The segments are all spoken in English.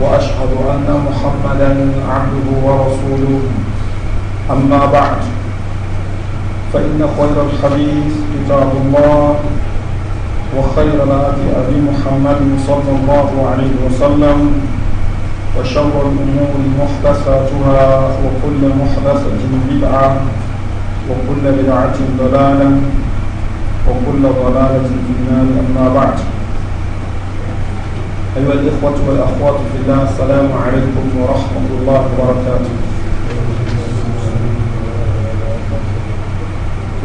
وأشهد أن محمدا عبده ورسوله أما بعد فإن خير الحديث كتاب الله وخير الهدي أبي محمد صلى الله عليه وسلم وشر الأمور محدثاتها وكل محدثة بدعة وكل بدعة ضلالة وكل ضلالة في النار أما بعد أيها الإخوة والأخوات في الله السلام عليكم ورحمة الله وبركاته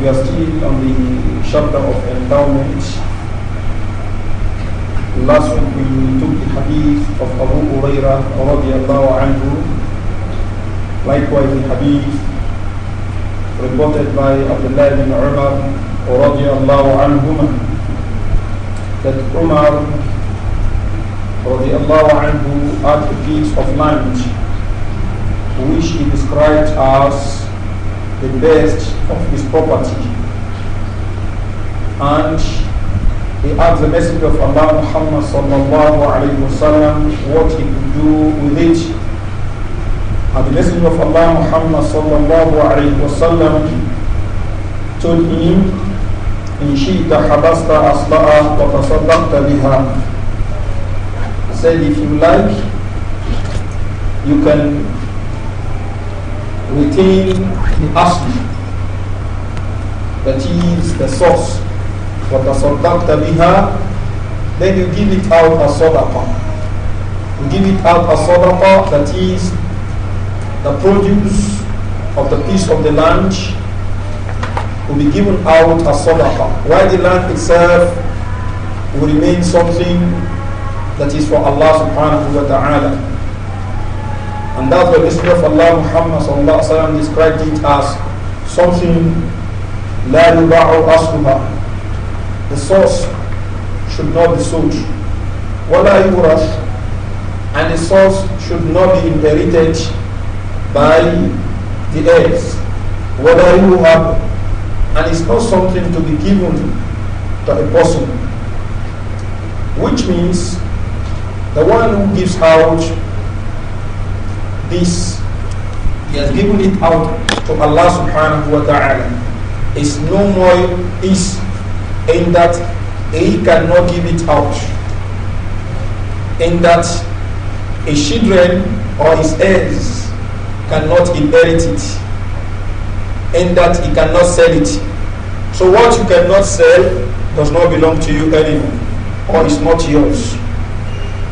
We are still on the chapter of endowment. Last week we took the hadith of Abu Huraira radiallahu anhu. Likewise the hadith reported by Abdullah bin Umar radiallahu anhu that Umar anhu, had a piece of land which he described as the best of his property. And he asked the Messenger of Allah Muhammad sallallahu alayhi wasallam what he could do with it. And the Messenger of Allah Muhammad sallallahu alayhi wasallam told him, إن شئت حبست أصلها وتصدقت بها said if you like, you can retain the asli, that is the source, for the sadaqta biha, then you give it out as sadaqah. You give it out as sadaqah, that is the produce of the piece of the land will be given out as sadaqah. While the land itself will remain something that is for Allah subhanahu wa ta'ala. And that's what Messenger of Allah Muhammad sallallahu alayhi wa sallam described it as something la yuba'u asluha. The source should not be sold. Wala yurash. And the source should not be inherited by the heirs. Wala yuhab. And it's not something to be given to a person. Which means the one who gives out this, he has given it out to Allah subhanahu wa ta'ala. Is no more is in that he cannot give it out. In that his children or his heirs cannot inherit it. In that he cannot sell it. So what you cannot sell does not belong to you anymore or is not yours.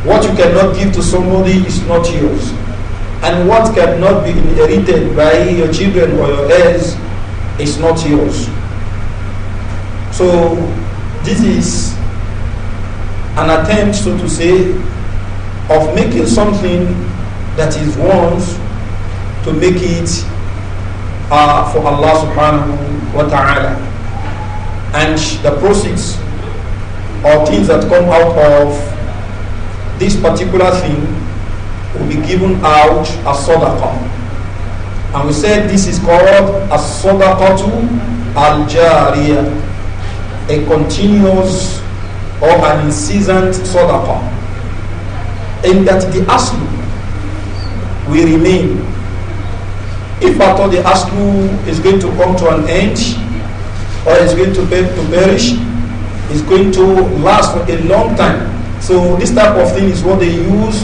What you cannot give to somebody is not yours. And what cannot be inherited by your children or your heirs is not yours. So this is an attempt, so to say, of making something that is one's to make it uh, for Allah subhanahu wa ta'ala. And the proceeds or things that come out of this particular thing will be given out as sadaqah. And we said this is called as sadaqatu al jariyah, a continuous or an incessant sadaqah. in that the aslu will remain. If at all the aslu is going to come to an end or is going to, be, to perish, is going to last for a long time So this type of thing is what they use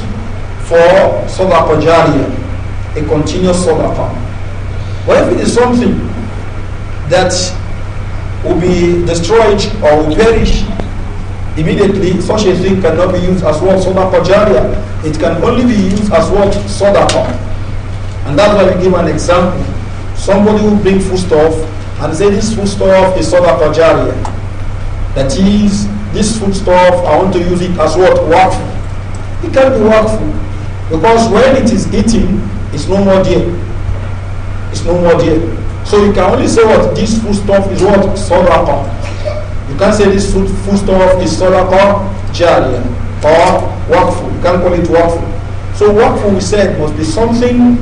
for solar pajaria, a continuous farm. But if it is something that will be destroyed or will perish immediately, such a thing cannot be used as what solar pajaria. It can only be used as what farm. And that's why we give an example. Somebody will bring foodstuff and say this foodstuff is solar pajaria. That is this foodstuff, I want to use it as what? Work. It can be workful. Because when it is eating, it's no more there. It's no more there. So you can only say what this foodstuff is what? Sadaqa. You can't say this food foodstuff is sadaqa jariya or workful. You can't call it workful. So workful we said must be something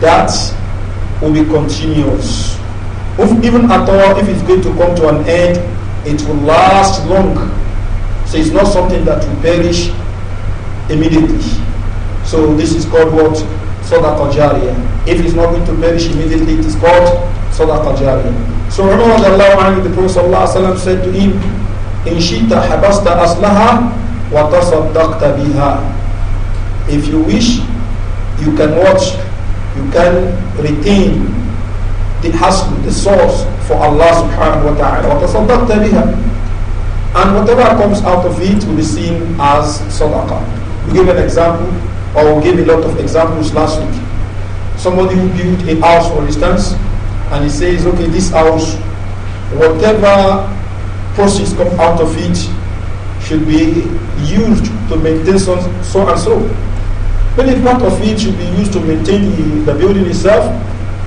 that will be continuous. If, even at all, if it's going to come to an end it will last long. So it's not something that will perish immediately. So this is called what? Sadaqa Jariyah. If it's not going to perish immediately, it is called Sadaqa Jariyah. So Umar the Prophet said to him, In shita habasta aslaha wa tasaddaqta biha. If you wish, you can watch, you can retain it has to be the source for Allah subhanahu wa ta'ala. وَتَصَدَّقْتَ بِهَا And whatever comes out of it will be seen as sadaqah. We gave an example, or we gave a lot of examples last week. Somebody who built a house, for instance, and he says, okay, this house, whatever proceeds come out of it should be used to maintain so, so and so. But if part of it should be used to maintain the, the building itself,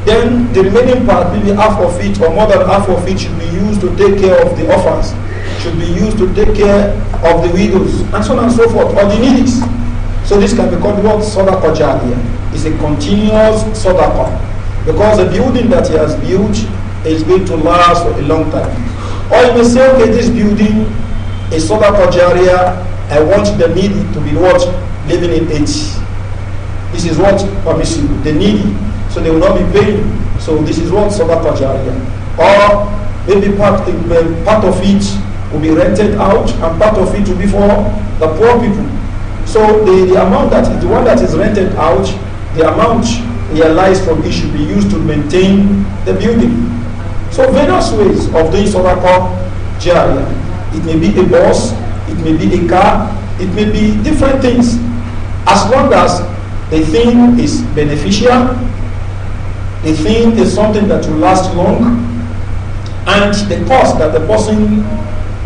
then the remaining part, maybe half of it or more than half of it, should be used to take care of the orphans, should be used to take care of the widows, and so on and so forth, or the needs. So this can be called what sadaqa jariyah. It's a continuous sadaqa because the building that he has built is going to last for a long time. Or you may say, okay, this building is sadaqa jariyah. I want the needy to be what living in it. This is what permissible. The needy so they will not be paying. So this is what Sabata Jariyah. Or maybe part, part of it will be rented out and part of it will be for the poor people. So the, the amount that the one that is rented out, the amount realized from it should be used to maintain the building. So various ways of doing Sadaqah Jariyah. It may be a bus, it may be a car, it may be different things. As long as the thing is beneficial the thing is something that will last long, and the cost that the person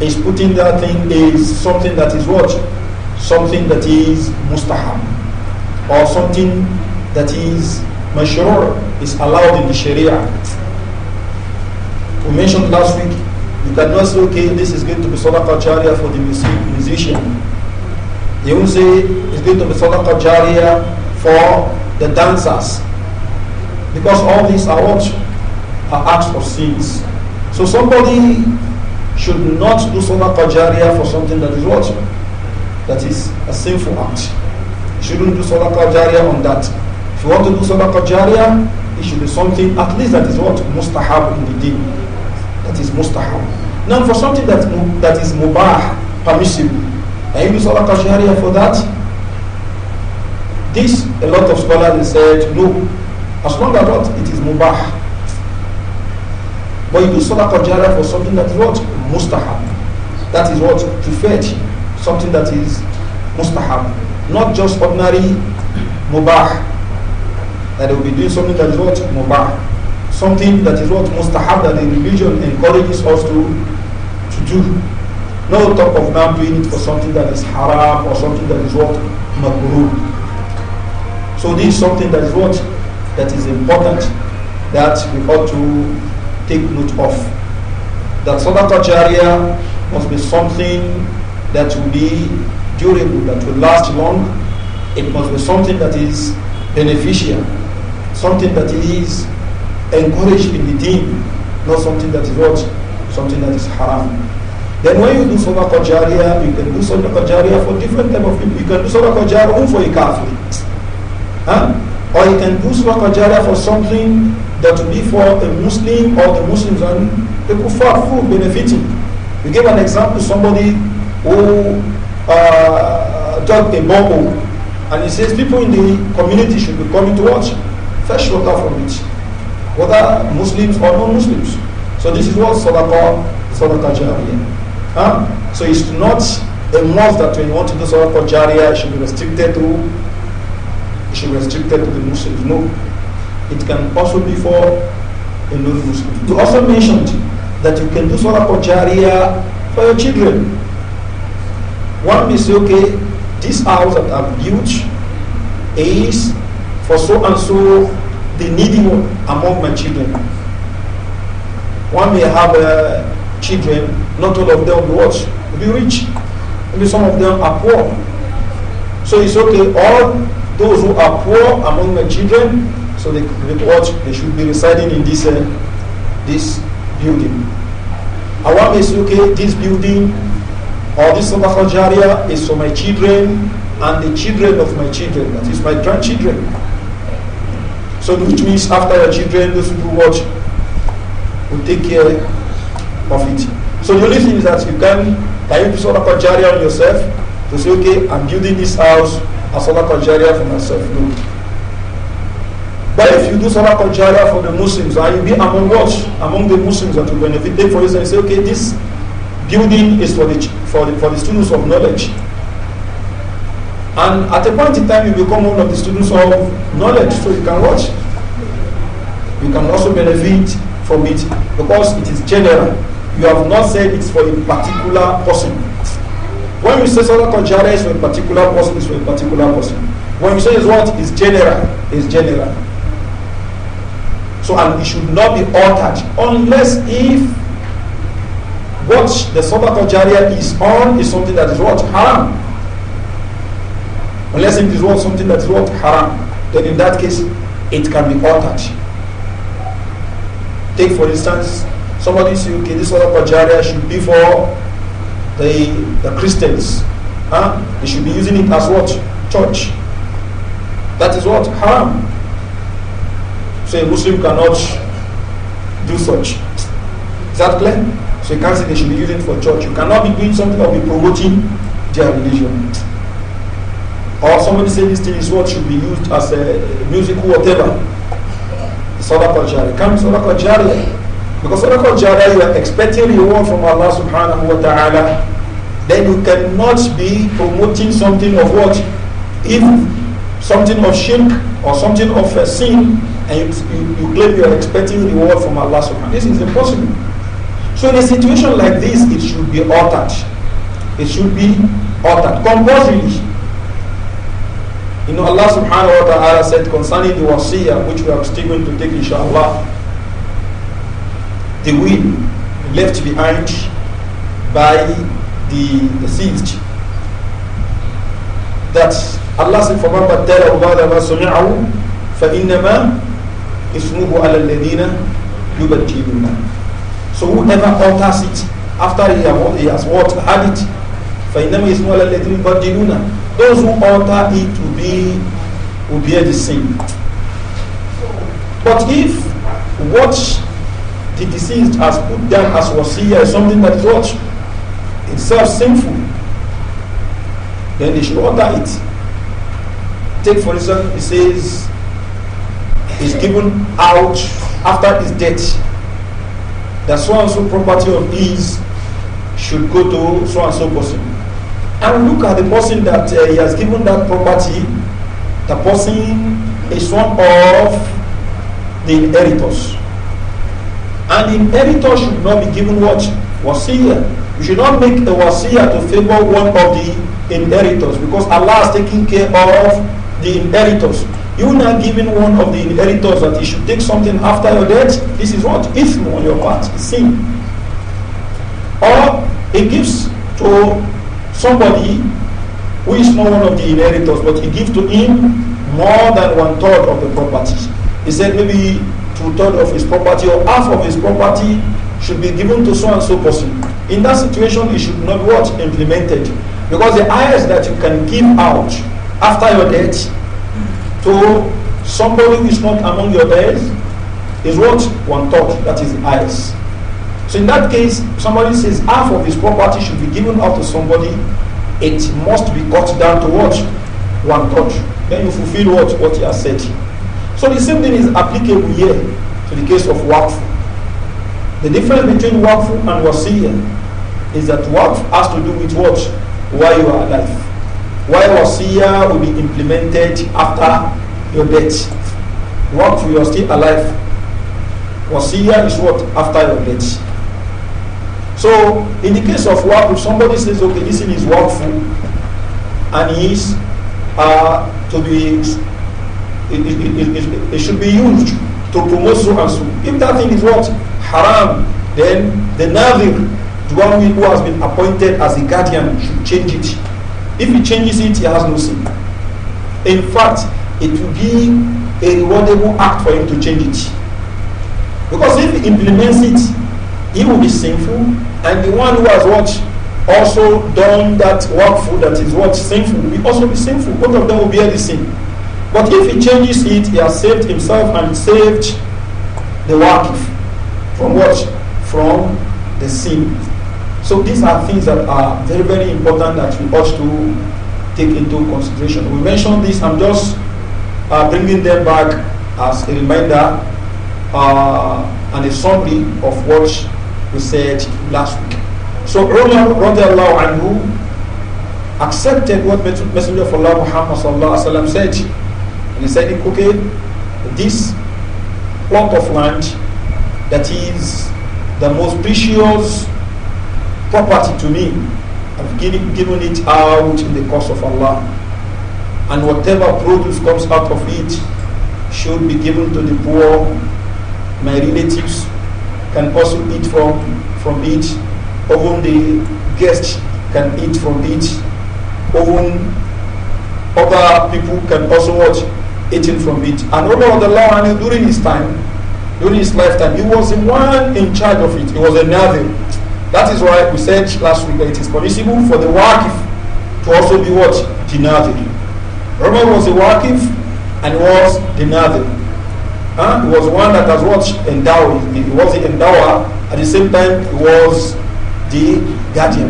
is putting that thing is something that is what? Something that is mustaham, or something that is mashrur, is allowed in the Sharia. We mentioned last week, you cannot say, okay, this is going to be sadaqah jariyah for the musician. You will say, it's going to be sadaqah jariyah for the dancers. Because all these are what? Are acts of sins. So somebody should not do sadaqah kajaria for something that is what? That is a sinful act. You shouldn't do sadaqah kajaria on that. If you want to do sadaqah kajaria, it should be something at least that is what? Mustahab in the deen. That is mustahab. Now for something that, that is mubah, permissible, and you do sadaqah kajaria for that, this, a lot of scholars said, no, As long as what it is mubah. But you do sadaqah jara for something that is what? Mustahab. That is what? Preferred. Something that is mustahab. Not just ordinary mubah. That they will be doing something that is what? Mubah. Something that is what? Mustahab that the religion encourages us to, to do. No talk of now doing it for something that is haram or something that is what? Makruh. So this is something that is what? that is important that we ought to take note of. That Sadaqah Jariya must be something that will be durable, that will last long. It must be something that is beneficial, something that is encouraged in the deen, not something that is what? Something that is haram. Then when you do Sadaqah Jariya, you can do Sadaqah Jariya for different type of people. You can do Sadaqah only for a Catholic. Huh? Or you can use wakajara for something that will be for a Muslim or the Muslims and the kuffar who benefiting. We gave an example somebody who uh, dug a borehole and he says people in the community should be coming to watch, fresh water from it, whether Muslims or non-Muslims. So this is what sadaqah, sadaqah jariyah. Huh? So it's not a must that when you want to do sadaqah jariyah, it should be restricted to restricted to the Muslims. No. It can also be for a non-Muslim. You also mentioned that you can do Sadaqah Jariyah for your children. One may say, okay, this house that I've built is for so and so the needy one among my children. One may have uh, children, not all of them will be what? Will be rich. Maybe some of them are poor. So it's okay, all those who are poor among my children, so they, they, watch, they should be residing in this, uh, this building. Awam is okay, this building or this Sadaqah Jariya is for my children and the children of my children, that is my grandchildren. So which means after your children, those people watch will take care of it. So the only thing is that you can, can you do Sadaqah Jariya on yourself to say, okay, I'm building this house a Salat al-Jariya for myself. No. But if you do Salat al-Jariya for the Muslims, and you be among what? Among the Muslims that will benefit. Take for instance, say, okay, this building is for the, for the, for the students of knowledge. And at a point in time, you become one of the students of knowledge, so you can watch. You can also benefit from it because it is general. You have not said it's for a particular person. When you say solar Jariya is for a particular person, it's for a particular person. When you say is what is general, is general. So and it should not be altered unless if what the solar Jariya is on is something that is what? Haram. Unless it is what something that is what? Haram. Then in that case, it can be altered. Take for instance, somebody say, okay, this solar Jariya should be for the, the Christians. Huh? They should be using it as what? Church. That is what? Haram. So a Muslim cannot do such. Is that clear? So you can't say they should be using it for church. You cannot be doing something or be promoting their religion. Or somebody say this thing is what should be used as a music or whatever. Sadaqah Come Sadaqah because when you are expecting reward from Allah subhanahu wa ta'ala. Then you cannot be promoting something of what? if something of shirk, or something of uh, sin, and you, you, you claim you are expecting reward from Allah subhanahu This is impossible. So in a situation like this, it should be altered. It should be altered compulsorily. You know, Allah subhanahu wa ta'ala said concerning the wasiyah, which we are still going to take inshallah, the wind left behind by the, the thief. That Allah said, فَمَنْ بَدَّلَهُ بَعْدَ مَا سَمِعَهُ فَإِنَّمَا إِثْمُهُ عَلَى الَّذِينَ يُبَدِّلُونَ So whoever alters it after he has what had it, فَإِنَّمَا إِثْمُهُ عَلَى الَّذِينَ يُبَدِّلُونَ Those who alter it will be will bear the same. But if what the deceased has put down as wasiyah is something that is what? Itself sinful. Then they should order it. Take for example, it says is given out after his death. That so and so property of his should go to so and so person. And look at the person that uh, he has given that property. The person is one of the inheritors. And inheritance should not be given what? Wasiyah. You should not make a wasiyah to favor one of the inheritors because Allah is taking care of the inheritors. You are not giving one of the inheritors that he should take something after your death. This is what? Ithm on your part, sin. Or he gives to somebody who is not one of the inheritors, but he gives to him more than one third of the property. He said maybe Third of his property or half of his property should be given to so and so person. In that situation, it should not be what implemented. Because the highest that you can give out after your death to somebody who is not among your dead is what? One third. That is the So in that case, somebody says half of his property should be given out to somebody. It must be cut down to what? One third. Then you fulfill what? What he has said. So the same thing is applicable here to the case of waqf. The difference between waqf and wasiyah is that waqf has to do with what? while you are alive. While wasiyah will be implemented after your death. Waqf you are still alive. Wasiyah is what? After your death. So, in the case of waqf, if somebody says, okay, this thing is waqf, and he is uh, to be it, it, it, it, should be used to promote so and so. If that thing is what? Haram, then the Nadir, the one who has been appointed as a guardian, should change it. If he changes it, he has no sin. In fact, it will be a rewardable act for him to change it. Because if he implements it, he will be sinful, and the one who has what also done that work that is what sinful will also be sinful. Both of them will bear the sin. But if he changes it, he has saved himself and saved the waqif from what? From the sin. So these are things that are very, very important that we ought to take into consideration. We mentioned this, I'm just uh, bringing them back as a reminder uh, and a summary of what we said last week. So and anhu accepted what Messenger of Allah Muhammad said He's saying, okay, this plot of land that is the most precious property to me, I've given, given it out in the cause of Allah. And whatever produce comes out of it should be given to the poor. My relatives can also eat from, from it. Even the guests can eat from it. Even other people can also watch eating from it. And Umar the Lion, during his time, during his lifetime, he was the one in charge of it. He was a navi. That is why we said last week that it is permissible for the Waqif to also be what? The navi. Umar was a Waqif and was the navi. Huh? He was one that has watched endowed. He was the endower. At the same time, he was the guardian.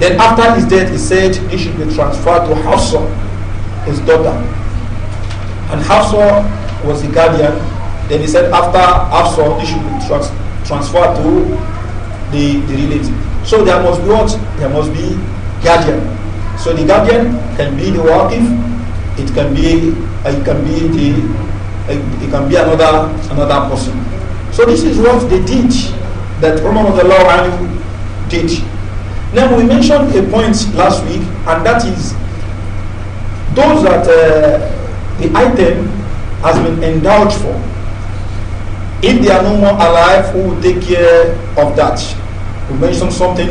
Then after his death, he said he should be transferred to Hafsa, his daughter. And Hafsa was the guardian. Then he said after Hafsa, they should be trans to the, the relative. So there must be what? There must be guardian. So the guardian can be the wife. it can be uh, it can be the uh, it can be another another person. So this is what they teach that Roman of the law did. Now we mentioned a point last week, and that is those that uh, the item has been endowed for. If they are no more alive, who will take care of that? We mentioned something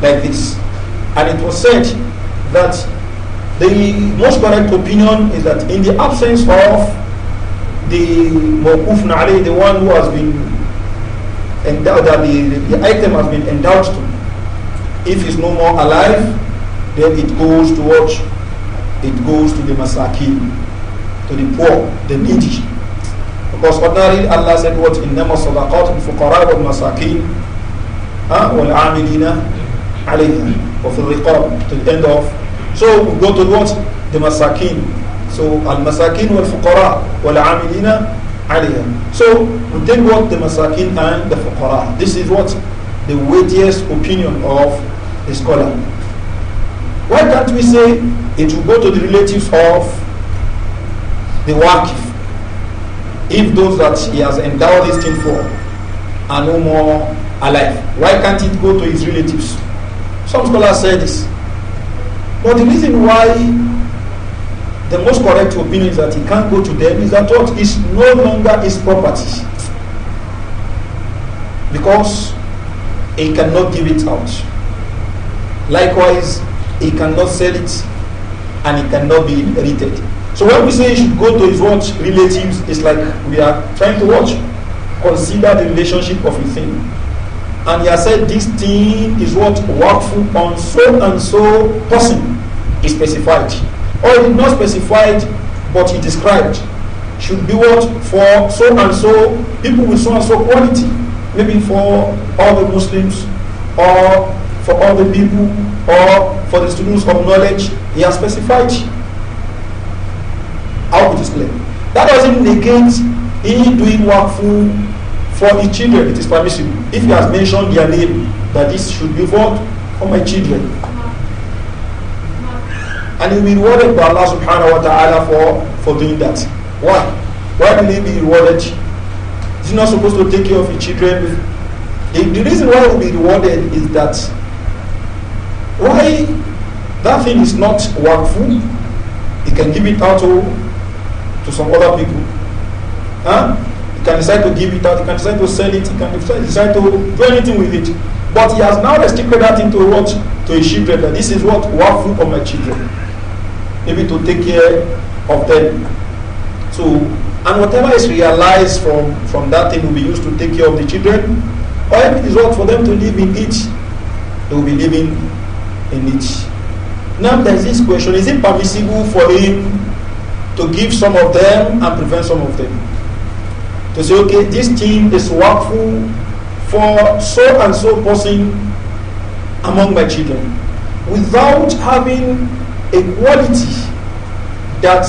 like this. And it was said that the most correct opinion is that in the absence of the Mawkuf Na'ali, the one who has been endowed, that the, the item has been endowed to, if he's no more alive, then it goes to what? It goes to the Masakin. to the poor, the needy. Because ordinarily Allah said what in nama sadaqat fuqara wal masakin wal amilina alayha wa fil riqab to the end of. So we go to what? The masakin. So al masakin wal fuqara wal amilina alayha. So we take what the masakin and the fuqara. This is what the weightiest opinion of the scholar. Why can't we say it will go to the relatives of the waqif if those that he has endowed this thing for are no more alive? Why can't it go to his relatives? Some scholars say this. But the reason why the most correct opinion is that he can't go to them is that what is no longer his property. Because he cannot give it out. Likewise, he cannot sell it and it cannot be inherited. So when we say you should go to his relatives, it's like we are trying to watch, consider the relationship of a thing. And he has said this thing is what workful on so and so person is specified. Or it is not specified, but he described. Should be what for so and so people with so and so quality. Maybe for all the Muslims or for all the people or for the students of knowledge. He has specified. How it is clear. That doesn't negate he doing wakfu for the children. It is permissible. If he has mentioned their name, that this should be for, for my children. And he will be rewarded by Allah subhanahu wa ta'ala for, for doing that. Why? Why will he be rewarded? He's not supposed to take care of his children. The, the reason why he will be rewarded is that why that thing is not workful. he can give it out to to some other people. Huh? He can decide to give it out, he can decide to sell it, he can decide to do anything with it. But he has now restricted that into what? To his children. That this is what work food for my children. Maybe to take care of them. So and whatever is realized from, from that thing will be used to take care of the children. Or if it is what for them to live in it, they will be living in it. Now there's this question, is it permissible for him to give some of them and prevent some of them. To say, okay, this team, is workful for so and so person among my children without having a quality that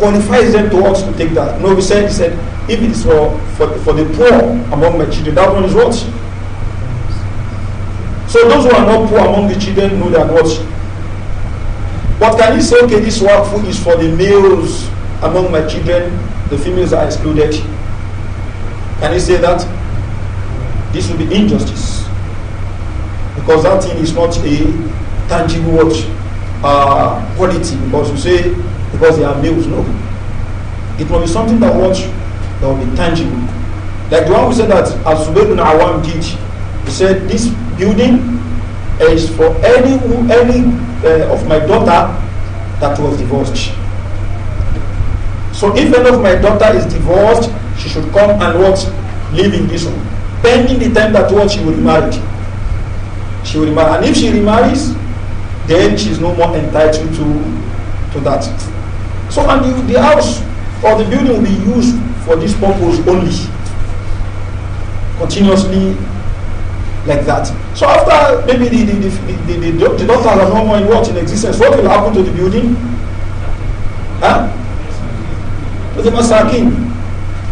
qualifies them to ask to take that. No, we said, he said, if it is for, for, for the poor among my children, that one is what? So those who are not poor among the children know that what but can you say, okay, this wakfu is for the males among my children, the females are excluded? Can you say that? This will be injustice. Because that thing is not a tangible uh, quality. Because you say, because they are males, no. It will be something that what, that will be tangible. Like the one who said that, as Zubayr bin Awam did, he said, this building is for any any uh, of my daughter that was divorced. So if any of my daughter is divorced, she should come and what live in this one, pending the time that what she will remarry. She will remarry, and if she remarries, then she is no more entitled to to that. So and the, the house or the building will be used for this purpose only, continuously like that. So after maybe the, the, the, the, the doctors are no more in what in existence, what will happen to the building? Huh? To the masakin.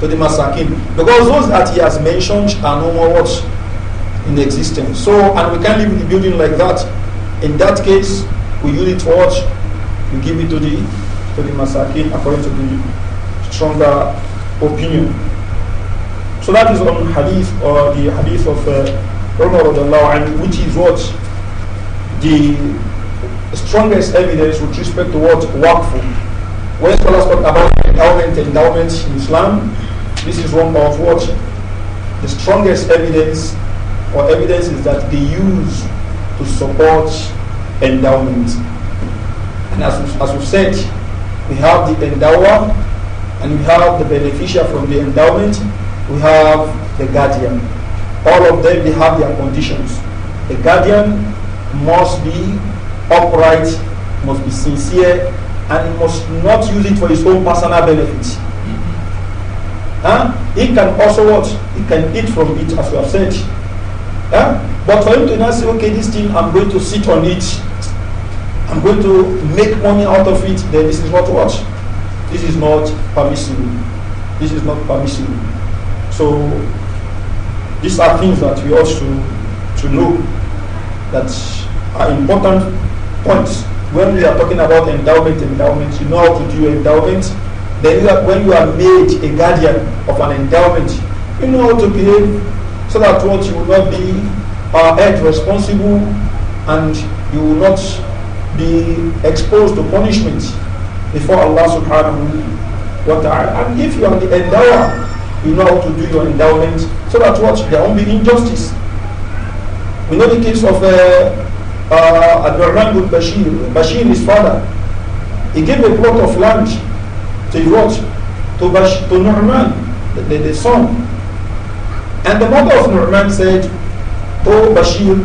To the masakin. Because those that he has mentioned are no more what in existence. So and we can't leave the building like that. In that case, we use it for what? We give it to the to the masakin according to the stronger opinion. So that is on hadith or the hadith of uh, Umar which is what the strongest evidence with respect to what waqfu. When scholars talk about endowment, endowment in Islam, this is one of what the strongest evidence or evidence is that they use to support endowment. And as, as we've said, we have the endower and we have the beneficiary from the endowment, we have the guardian all of them they have their conditions. The guardian must be upright, must be sincere, and must not use it for his own personal benefit. Huh? He can also what? He can eat from it, as we have said. Yeah, But for him to not say, okay, this thing, I'm going to sit on it. I'm going to make money out of it. Then this is not what? This is not permissible. This is not permissible. So these are things that we ought to, to know that are important points. When we are talking about endowment, endowment, you know how to do endowment. Then you are, when you are made a guardian of an endowment, you know how to behave so that what you will not be uh, held responsible and you will not be exposed to punishment before Allah subhanahu wa ta'ala. And if you are the endower, you know how to do your endowment so that what there won't be injustice. We know the case of uh, uh, Bashir, Bashir his father. He gave a plot of land to what? To, Bashir, to Nu'man, the, the, the son. And the mother of Nu'man said, Oh Bashir,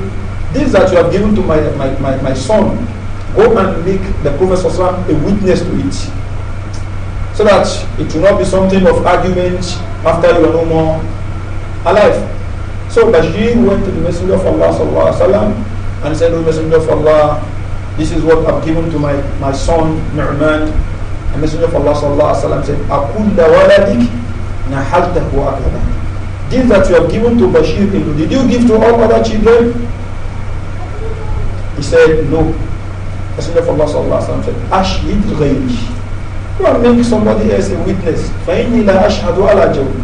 this that you have given to my, my, my, my son, go and make the Prophet a witness to it so that it will not be something of argument after you are no more alive. So Bashir went to the Messenger of Allah sallallahu alaihi wasallam and said, "O Messenger of Allah, this is what I've given to my, my son Nu'man." The Messenger of Allah sallallahu alaihi wasallam said, "Akulla waladik nahaltahu akala." This that you have given to Bashir, did you give to all other children? He said, "No." The Messenger of Allah sallallahu alaihi wasallam said, "Ashid ghayri." You are somebody else a witness. فاني لَا أَشْهَدُ جَوْءٍ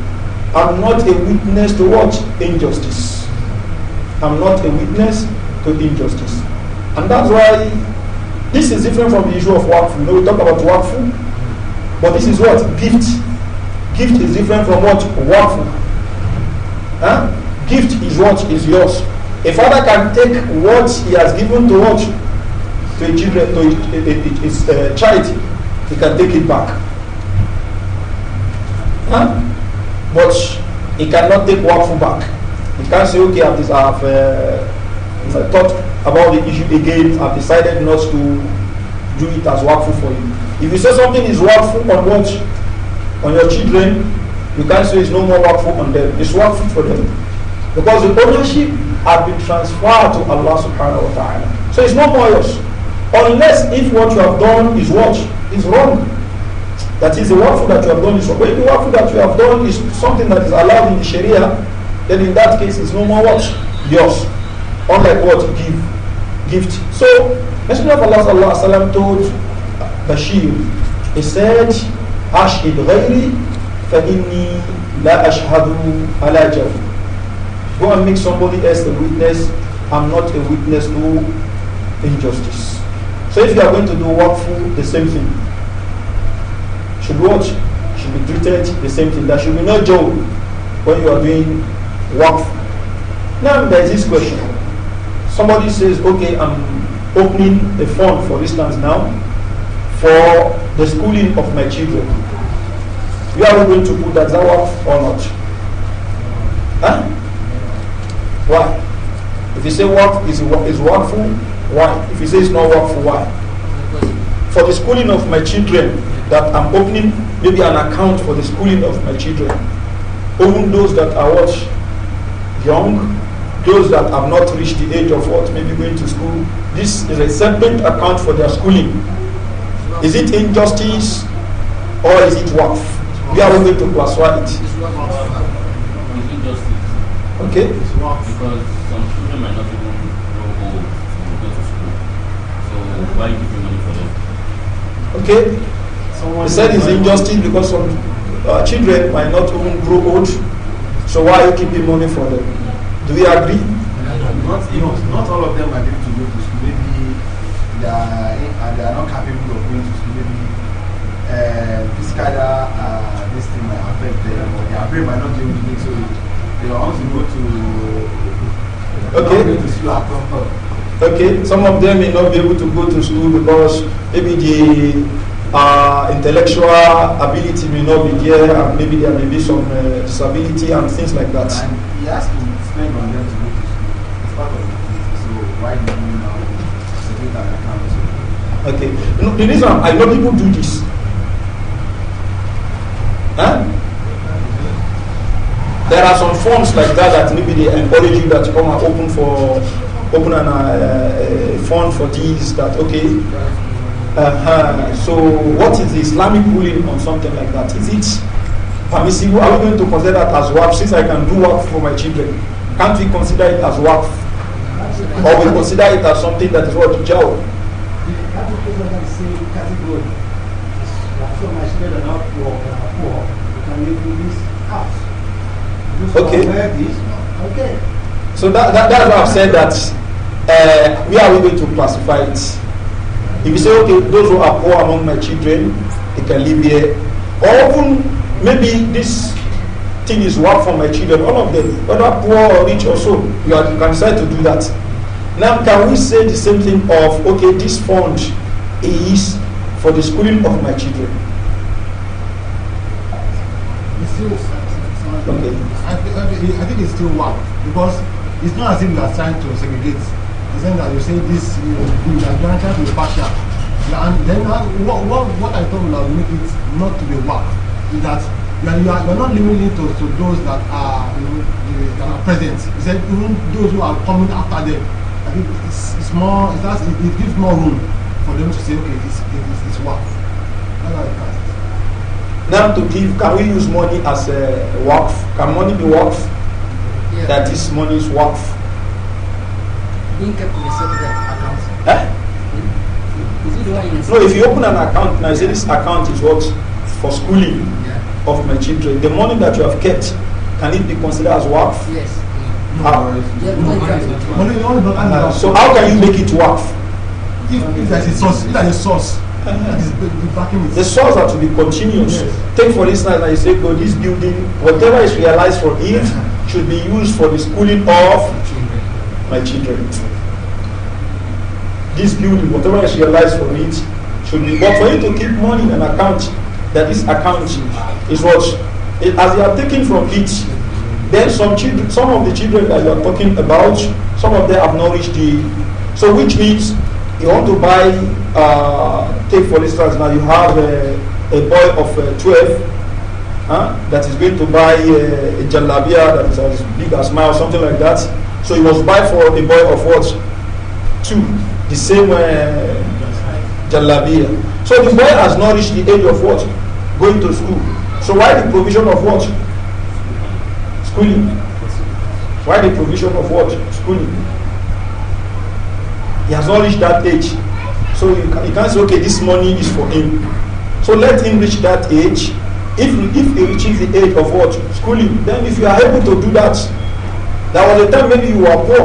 I'm not a witness to what? Injustice. I'm not a witness to injustice. And that's why this is different from the issue of wakfu. You know, we talk about wakfu, but this is what? Gift. Gift is different from what? Wakfu. Huh? Gift is what is yours. A father can take what he has given to what? To a, children, to a, a, a, a, a charity he can take it back. Huh? But he cannot take Wakfu back. He can't say, okay, I've, I've uh, thought about the issue again, I've decided not to do it as Wakfu for you. If you say something is Wakfu on what? On your children, you can't say it's no more Wakfu on them. It's Wakfu for them. Because the ownership has been transferred to Allah subhanahu wa ta'ala. So it's no more yours. Unless if what you have done is what? is wrong. That is the waffle that you have done is wrong. But the waffle that you have done is something that is allowed in the Sharia, then in that case it's no more what? Yours. Unlike what? Give. Gift. So, Messenger of Allah sallallahu alaihi wasallam told Bashir, he said, أشهد غيري فإني la ashhadu ala جفو Go and make somebody else a witness. I'm not a witness to injustice. So if you are going to do workful, the same thing. Should watch, should be treated the same thing. There should be no joke when you are doing work. Now there is this question. Somebody says, okay, I'm opening a fund, for instance, now for the schooling of my children. You are going to put that work or not? Huh? Why? If you say work is, is workful, Why? If he says it's not work for why? For the schooling of my children, that I'm opening maybe an account for the schooling of my children. Even those that are what? Young, those that have not reached the age of what? Maybe going to school. This is a separate account for their schooling. Is it injustice or is it worth? We are going to classify it. Okay? Because some children might not Why you money for them? Okay. Someone he said it's injustice because some uh, children might not even grow old. So why are you keeping money for them? Do we agree? Not, you know, not all of them are going to go to school. Maybe they are, uh, they are not capable of going to school. Maybe uh, this kind of uh, this thing might affect them, or their brain might not be able to think so. They want to go to. Okay. Go to school at Okay, some of them may not be able to go to school because maybe the uh, intellectual ability may not be there, and maybe there may be some uh, disability and things like that. And he has to spend on them to go to school. It's part of it. So why do you now say that I Okay, you know, the reason I know people do this. Huh? There are some forms like that that maybe they encourage you that come and open for open an, a uh, uh, fund for this, that, okay. -huh. Uh, so what is the Islamic ruling on something like that? Is it permissible? Are we going to consider that as work since I can do work for my children? Can't we consider it as work? Or we consider it as something that is what jail? Okay. Okay. So that, that that's why I've said that uh, we are we going to classify it? If you say, okay, those who are poor among my children, they can live here. Or even maybe this thing is work for my children, all of them, whether poor or rich or so, you, are, you can decide to do that. Now, can we say the same thing of, okay, this fund is for the schooling of my children? Okay. I, th I think it's still work because it's not as if we are trying to segregate saying that you say this you uh, know, good, that are trying to be partial. And then I, what, what, what I told you have make it not to be work is that you are, you are, you not limiting to, to those that are, you know, that are present. He said even those who are coming after them. I think it's, it's more, it's, it, it gives more room for them to say, okay, it's, it, it's, it's work. Now to give, can we use money as a work? Can money be work? Yeah. That is money is work. Income No, if you open an account now, say this account is what? For schooling yeah. of my children. The money that you have kept, can it be considered as work? Yes. No. Ah. So how can you make it work? If, if a source, if a source, uh-huh. the source that to be continuous. Yes. Take for instance, I say, go this building, whatever is realized for it uh-huh. should be used for the schooling of my children. This building, whatever I realize from it, should be. But for you to keep money in an account, that this account is what, it, as you are taking from it, then some children, some of the children that you are talking about, some of them have not reached the. So which means you want to buy, uh, take for instance now you have a, a boy of uh, 12 huh, that is going to buy uh, a jalabia that is as big as mine or something like that So he must buy for a boy of what? Two. The same uh, jalabiya. So the boy has not reached the age of what? Going to school. So why the provision of what? Schooling. Why the provision of what? Schooling. He has not reached that age. So you, can, you can't say, okay, this money is for him. So let him reach that age. If, if he reaches the age of what? Schooling. Then if you are able to do that, That was the time maybe you were poor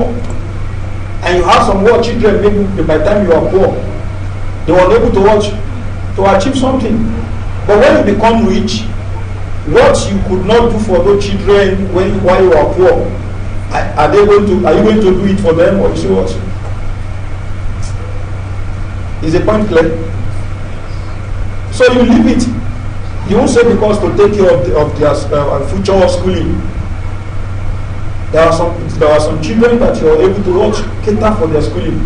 and you have some more children maybe by the time you are poor they were able to watch to achieve something but when you become rich what you could not do for those children when while you were poor are, are they going to are you going to do it for them or you see what is the point clear so you leave it you won't say because to take care of, the, of their uh, future schooling There are some there are some children that you are able to watch cater for their schooling.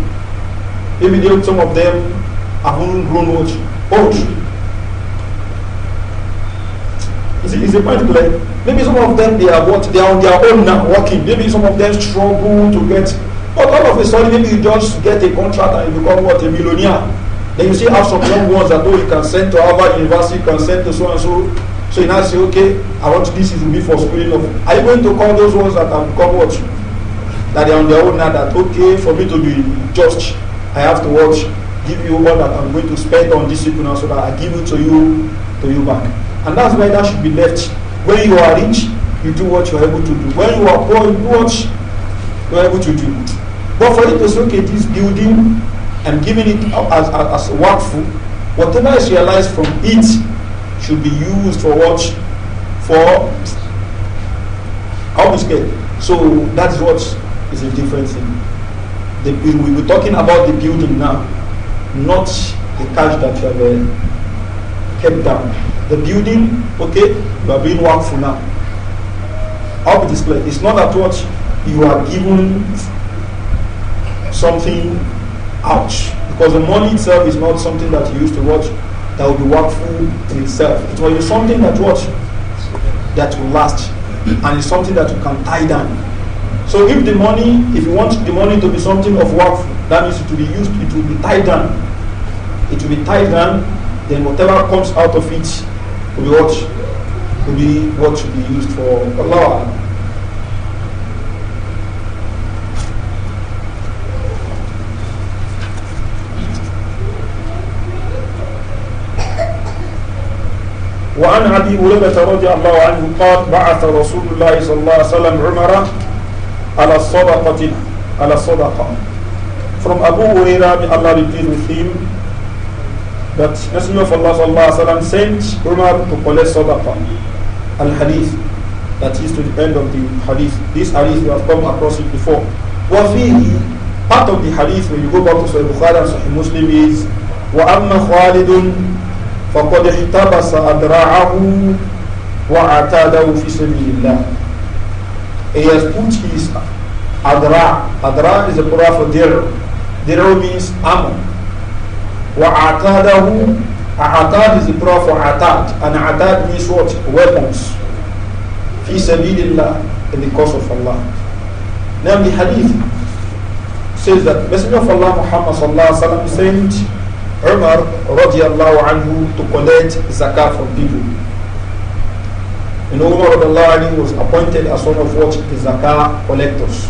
Maybe they, some of them have even grown old. Oh, Is it, is it point play? Maybe some of them they are what they are on their own now working. Maybe some of them struggle to get but all of a sudden maybe you just get a contract and you become what a millionaire. Then you see how some young ones that oh you can send to Harvard University, you can send to so and so So you now say, okay, I want this is to be for schooling of. Are you going to call those ones that have become what? That they are on their own now that, okay, for me to be just? I have to watch, give you all that I'm going to spend on this now so that I give it to you, to you back. And that's why that should be left. When you are rich, you do what you are able to do. When you are poor, you do what you are able to do. But for it to say, okay, this building, I'm giving it as, as, as workful, whatever is realized from it, should be used for what? For obfuscate. So that's what is a difference in the We are talking about the building now, not the cash that you have uh, kept down. The building, okay, you are being for now. How be displayed. It's not that what you are given something out. Because the money itself is not something that you used to watch that will be workful in itself. It will be something that what that will last and it's something that you can tie down. So if the money, if you want the money to be something of work, that means to be used, it will be tied down. It will be tied down, then whatever comes out of it will be what will be what should be used for Allah. وعن ابي هريره رضي الله عنه قال بعث رسول الله صلى الله عليه وسلم عمر على الصدقه على الصدقه from Abu Huraira may Allah be pleased with him that Messenger of Allah صلى الله عليه وسلم sent Umar to collect صدقة al hadith that is to the end of the hadith this hadith we have come across it before وفيه part of the hadith when you go back to Sahih Bukhari and Sahih Muslim is وأما خالد فقد احتبس أدراعه وعتاده في سبيل الله He has put his adra. Adra is a plural for dero. Dero means armor. atadahu. Atad is the plural for atad. And atad means what? Weapons. في سبيل الله In the cause of Allah. Now the hadith says that Messenger of Allah Muhammad sallallahu alaihi wasallam said Umar radiallahu anhu to collect zakat from people. And Umar radiallahu anhu was appointed as one of what the zakat collectors.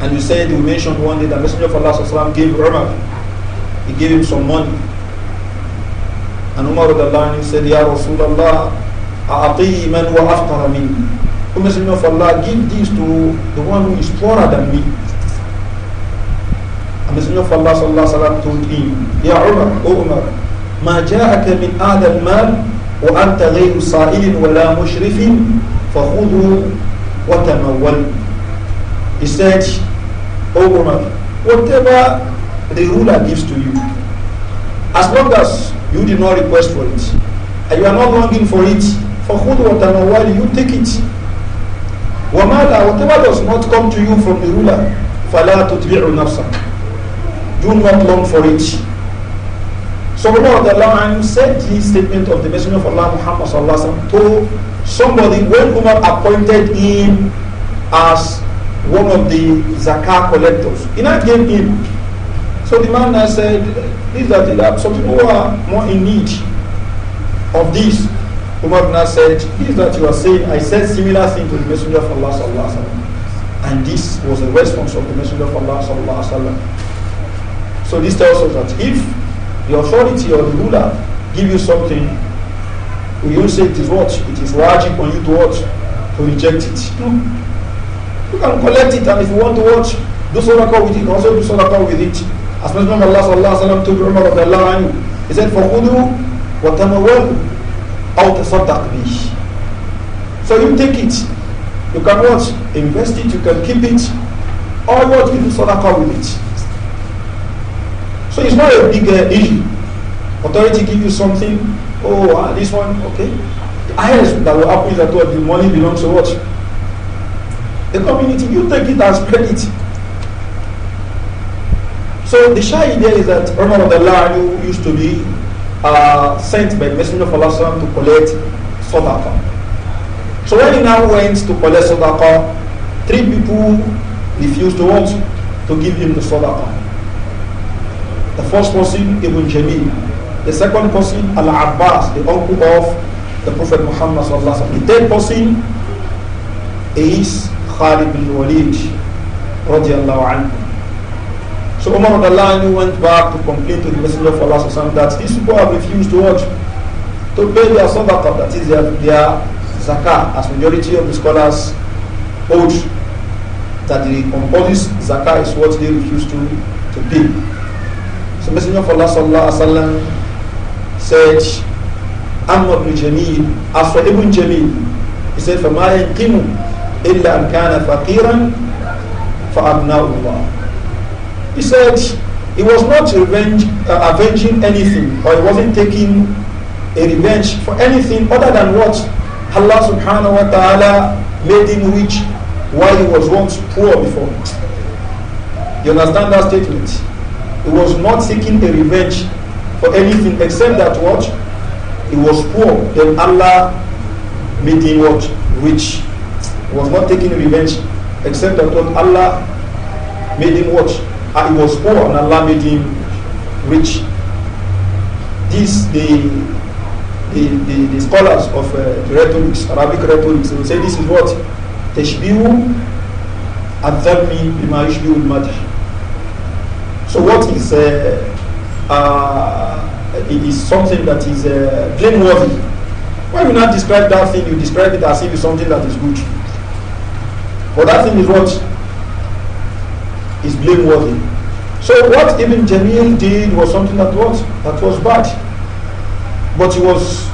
And you said you mentioned one day the Messenger of Allah gave Umar, he gave him some money. And Umar radiallahu anhu said, Ya Rasulallah, أعطي من وأفقر مني. O Messenger of Allah, give this to the one who is poorer than me. And Messenger of Allah sallallahu alayhi wa told him, Ya Umar, O Umar, ما جاءك من هذا المال وأنت غير سائل ولا مشرف فخذه وتمول He said, O Umar, whatever the ruler gives to you, as long as you did not request for it, and you are not longing for it, فخذ وتمول, you take it. وما لا, whatever does not come to you from the ruler, فلا تتبع نفسك do not long for it. So you said this statement of the Messenger of Allah Muhammad sallam, to somebody when Umar appointed him as one of the zakah collectors. He not gave him. So the man said, this that it?" some people who are more in need of this. Umar now said, this that you are saying, I said similar thing to the Messenger of Allah and this was the response of the Messenger of Allah so this tells us that if the authority or the ruler give you something, we will say it is what? It is logic on you to what? To reject it. Hmm. You can collect it and if you want to watch, do sadaqah with it, also do sadaqah with it. As mentioned by Allah sallallahu alayhi wa sallam told Umar of Allah anhu, he said, فَخُذُوا وَتَمَوَّلُوا أَوْ تَصَدَّقْ بِهِ So you take it. You can watch, Invest it, you can keep it. Or what? Give sadaqah with it. So it's not a big uh, issue. Authority give you something, oh, ah, this one, okay. The highest that will happen is that what the money belongs to what? The community, you take it as credit. So the shy idea is that Umar of the who used to be uh, sent by the Messenger of Allah to collect Sadaqah. So when he now went to collect Sadaqah, three people refused to want to give him the Sadaqah. The first person, Ibn Jamil. The second person, Al-Abbas, the uncle of the Prophet Muhammad The third person is Khalid bin Walid, radiallahu anhu. So Umar Adalani went back to complain to the Messenger of Allah Sallallahu that these people have refused to watch, to pay their sadaqah, that is their, their zakah, as majority of the scholars hold that the compulsory zakah is what they refuse to, to pay. So Messenger of Allah sallallahu alaihi wasallam said, "Amma ibn Jamil, as for Ibn Jamil, he said, فما ينقم إلا أن كان فقيرا فأبناء الله." He said, he was not revenge, uh, avenging anything, or he wasn't taking a revenge for anything other than what Allah subhanahu wa ta'ala made him rich while he was once poor before. You understand that statement? He was not seeking a revenge for anything except that what? He was poor. Then Allah made him what? Rich. He was not taking revenge except that what Allah made him what? And ah, he was poor and Allah made him rich. This, the, the, the, the scholars of uh, rhetorics, Arabic rhetorics, they will say this is what? Tashbihu al-dhammi bima yushbihu al madhi So what is uh, uh, it is something that is uh, blameworthy? Why you not describe that thing? You describe it as if it's something that is good. But that thing is what is blameworthy. So what Ibn Jamil did was something that was that was bad, but he was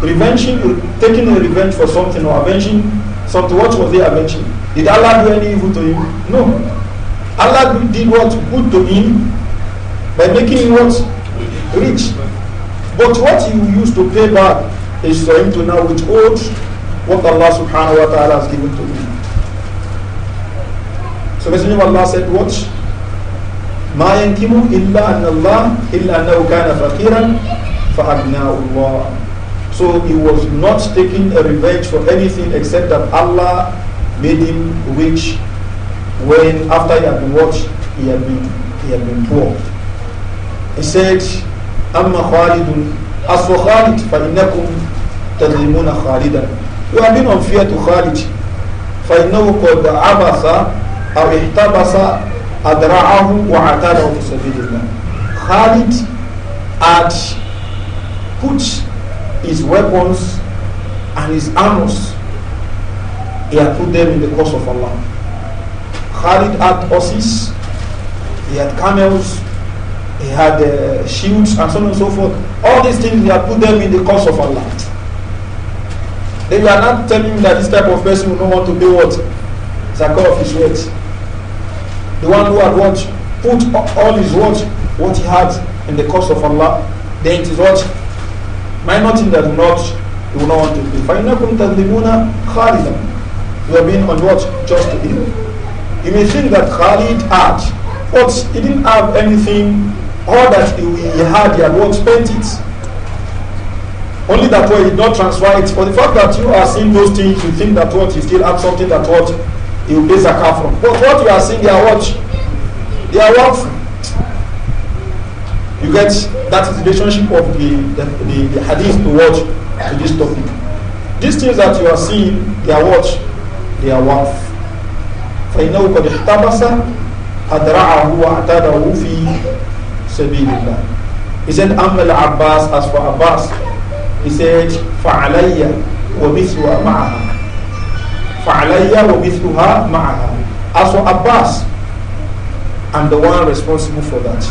revenging, taking a revenge for something or avenging something. What was he avenging? Did Allah do any evil to him? No. Allah did what good to him by making him what rich. But what he used to pay back is for him to now withhold what Allah subhanahu wa ta'ala has given to him. So Messenger of Allah said, Watch. ما ينكم إلا أن الله إلا أنه كان فقيرا فأغناه الله So he was not taking a revenge for anything except that Allah made him rich when after he had been watched, he had been he had been poor. He said, "Amma Khalidun, as for Khalid, فإنكم تظلمون Khalidan. You have been unfair to Khalid. فإنه قد abasa, أو احتبس أدرعه وعتاده في سبيل الله. Khalid had put his weapons and his arms. He had put them in the cause of Allah. Khalid had horses, he had camels, he had uh, shields, and so on and so forth. All these things, he had put them in the cause of Allah. They were not telling him that this type of person will not want to pay what? Zakah of his wealth. The one who had what? Put all his what? What he had in the cause of Allah. Then it is what? not in that not you will not want to do. فَإِنَّكُمْ تَذْلِمُونَ خَالِدًا You are being on what? Just to evil. You may think that Khalid had, but he didn't have anything. All that he had, he had not spent it. Only that way he did not transfer it. But the fact that you are seeing those things, you think that what he still have something that what he will pay zakah from. But what you are seeing, they are what? They are what? You get that is the relationship of the, the, the, the hadith to what? To this topic. These things that you are seeing, they are what? They are worth. فإنه قد احتبس أدرعه وأعتاده في سبيل الله He said أما العباس as for Abbas he said فعلي ومثلها معها فعلي ومثلها معها as for Abbas I'm the one responsible for that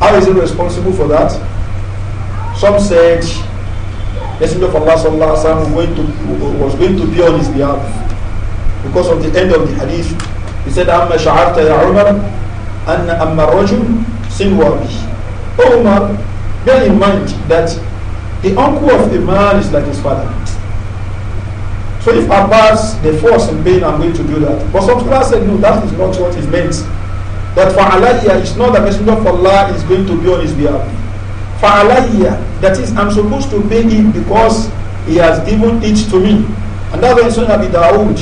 how is he responsible for that some said Messenger of Allah sallallahu alaihi wasallam was going to be on his behalf because of the end of the hadith. He said, أَمَّا شَعَرْتَ يَا عُمَرْ أَنَّ أَمَّا الرَّجُلُ سِنْوَى بِهِ Oh Umar, bear in mind that the uncle of a man is like his father. So if I pass the force in pain, I'm going to do that. But some scholars said, no, that is not what is meant. That for Aliyah, it's not the messenger of Allah is going to be on his behalf. For Aliyah, that is, I'm supposed to pay him because he has given it to me. And that's why Sunnah Abi Dawood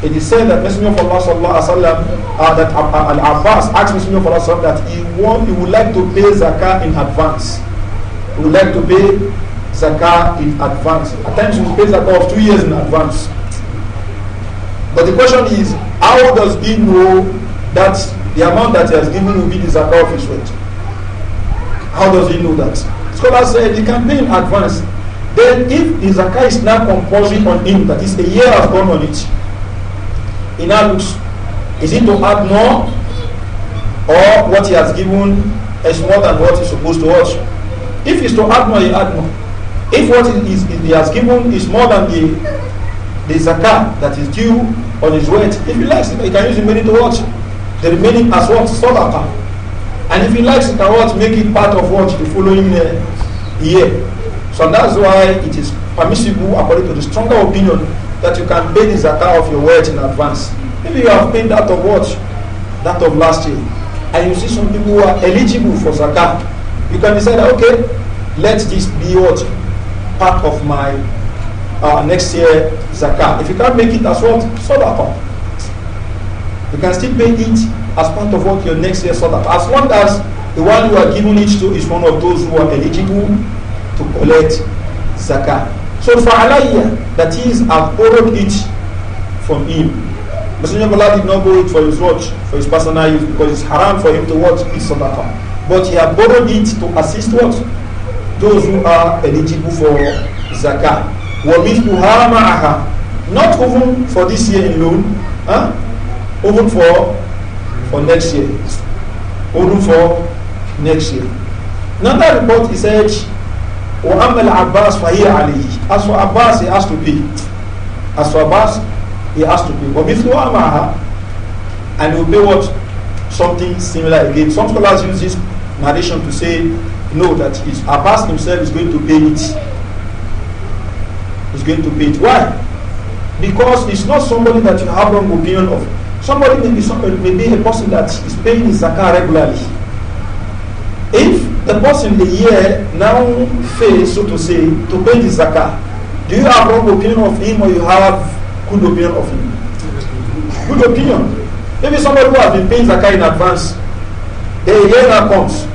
It is said that Messenger of Allah sallallahu alaihi wasallam uh, that uh, uh Al Abbas asked Messenger of Allah sallallahu that he want he would like to pay zakah in advance. He would like to pay zakah in advance. At times he would pay zakah of two years in advance. But the question is, how does he know that the amount that he has given will be the zakah of his wealth? How does he know that? Scholars say he can pay in advance. Then if the zakah is now compulsory on him, that is a year has gone on it, in looks is it to add more or what he has given is more than what is supposed to us if he is to add more he add more if what is, he has given is more than the the zakat that is due on his weight if he likes it he can use the money to watch the remaining as what sadaqa and if he likes it can make it part of what the following uh, year so that's why it is permissible according to the stronger opinion that you can pay the zakah of your wealth in advance. Maybe you have paid that of what? That of last year. And you see some people who are eligible for zakah. You can decide, okay, let this be what? Part of my uh, next year zakah. If you can't make it as what? Sadaqah. You can still pay it as part of what your next year sadaqah. As long as the one you are giving it to is one of those who are eligible to collect zakah. So فَعَلَيَّ That is, I've borrowed it from him. Messenger of Allah did not borrow it for his watch, for his personal use, because it's haram for him to watch his sadaqah. But he had borrowed it to assist what? Those who are eligible for zakah. وَمِثْلُهَا مَعَهَا Not even for this year alone, loan, huh? even for, for next year. Even for next year. Another report is said, وَأَمَّا الْعَبَّاسُ فَهِيَ alayhi. As for Abbas, he has to pay. As for Abbas, he has to pay. But Mithlu Amaha, and he will pay what? Something similar again. Some scholars use this narration to say, no, that is Abbas himself is going to pay it. Is going to pay it. Why? Because it's not somebody that you have wrong opinion of. Somebody may be, somebody may be a person that is paying his zakah regularly. If the person in the now fails, so to say, to pay the zakah, do you have wrong opinion of him or you have good opinion of him? Good opinion. Maybe somebody who has been paying zakah in advance, a year now comes.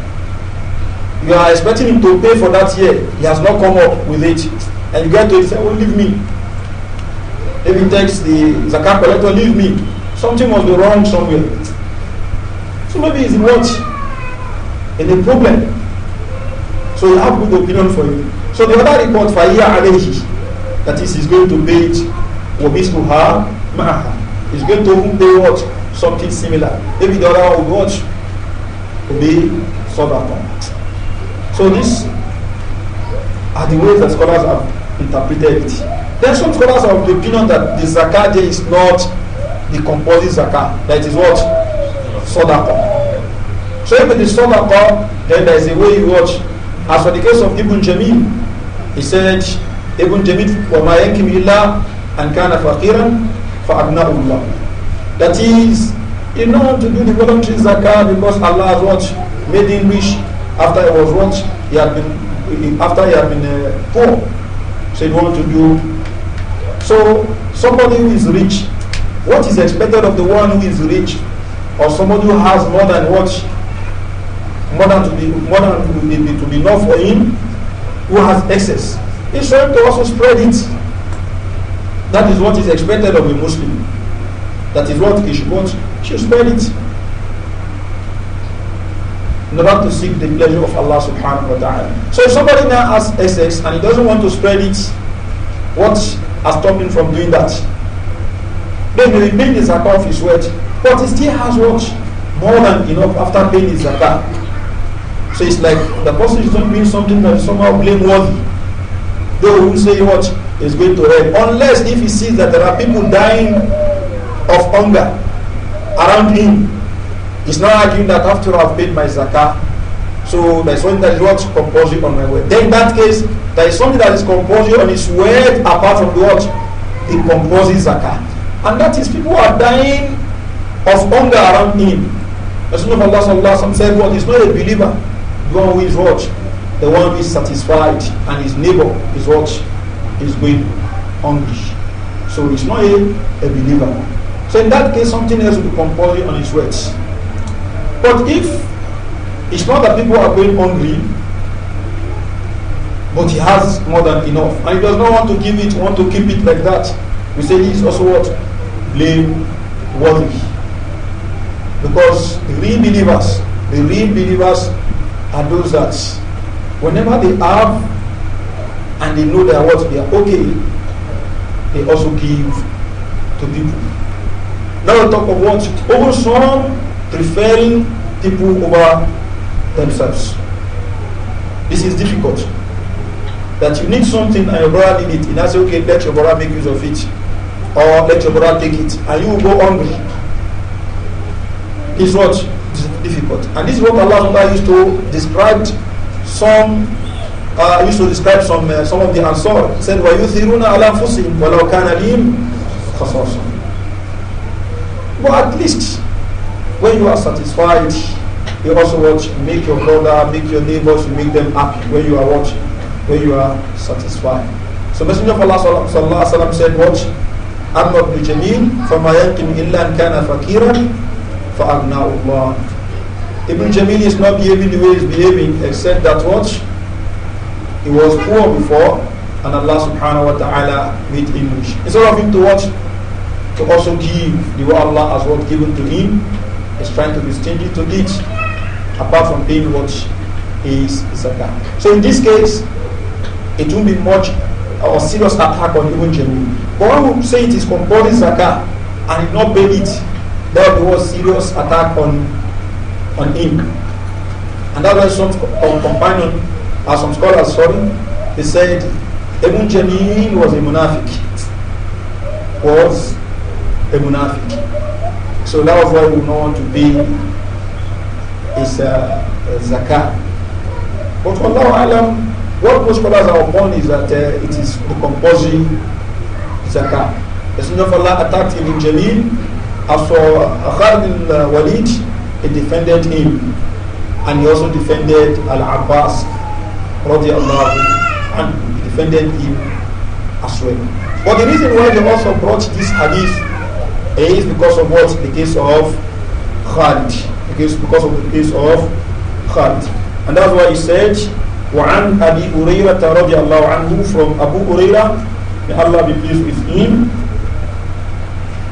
You are expecting him to pay for that year. He has not come up with it. And you get to it, say, oh, leave me. Maybe he takes the zakat collector, leave me. Something must be wrong somewhere. So maybe it's what? In a problem. So you have good opinion for you. So the other report, for Fahiyya alayhi, that is, he's going to bait Wabisluha Ma'aha. He's going to whom they watch something similar. Maybe the other one will watch Obi Sadaqa. So these are the ways that scholars have interpreted it. Then some scholars are of the opinion that the zakat day is not the compulsory zakat. that is what? Sadaqa. So if it is sadaqa, then there is a way you watch As for the case of Ibn Jamil, he said, Ibn Jamil, and يَنْكِمْ إِلَّا أَنْ كَانَ فَقِيرًا فَأَبْنَاءُ اللَّهِ That is, you know, to do the voluntary zakah because Allah has watched, Made him rich after he was what? He had been, after he had been uh, poor. So he wanted to do. So somebody who is rich, what is expected of the one who is rich or somebody who has more than what more than to be more than to be, to be enough for him who has excess. He's trying to also spread it. That is what is expected of a Muslim. That is what he should want. should spread it. In order to seek the pleasure of Allah subhanahu wa ta'ala. So if somebody now has excess and he doesn't want to spread it, what has stopped him from doing that? Maybe he paid his account of his wealth, but he still has what? More than enough after paying his account. So it's like the person is not doing something that is somehow blameworthy. They will say what is going to happen Unless if he sees that there are people dying of hunger around him. He's not arguing that after I've paid my zakah, so there's something that is what compulsory on my word. Then in that case, there is something that is compulsory on his word apart from the what? he composes zakah. And that is people are dying of hunger around him. Allah said, Well, he's not a believer. the one who is rich, The one who is satisfied and his neighbor is what? Is going hungry. So he's not a, a believer. So in that case, something else will be compulsory on his words. But if it's not that people are going hungry, but he has more than enough, and he does not want to give it, want to keep it like that, we say he is also what? blame worthy Because the real believers, the real believers are those that whenever they have and they know their worth, they are okay, they also give to people. Now we talk of what over some preferring people over themselves. This is difficult. That you need something and your brother need it. And I say, okay, let your brother make use of it. Or let your brother take it. And you go hungry. Is what? difficult. And this is what Allah used to describe some uh, used to describe some uh, some of the Ansar. said, "Wa yuthiruna أَنفُسِهِمْ وَلَوْ كَانَ بِهِمْ خَصَاصًا But at least when you are satisfied, you also watch, make your brother, make your neighbors, you make them happy when you are watching, when you are satisfied. So Messenger of Allah sallallahu alaihi wasallam said, watch, I'm Jamil, فَمَا يَنْقِمْ إِلَّا أَنْ kana فَقِيرًا فَأَغْنَاءُ Allah." Ibn Jamil is not behaving the way he's behaving, except that what? He was poor before, and Allah subhanahu wa ta'ala made him rich. Instead of him to watch, to also give the way Allah has what given to him, is trying to be stingy to it, apart from paying what is zakah. So in this case, it won't be much or serious attack on Ibn Jamil. But when we say it is compulsory zakah and not pay it, that was serious attack on on him. And that's why some um, companion, or uh, some scholars, sorry, they said Ibn Jannin was a munafiq. Was a munafiq. So that was why we do not want to be his uh, zakah. But for Allah Alam, what most scholars are upon is that uh, it is the composing zakah. The Messenger of Allah attacked Ibn Jalil after Khalid al-Walid he defended him and he also defended Al-Abbas and he defended him as well. But the reason why they also brought this hadith is because of what? The case of Khalid. Because, because of the case of Khalid. And that's why he said, وعن أبي أُرِيرَةَ رضي الله عنه from Abu Huraira may Allah be pleased with him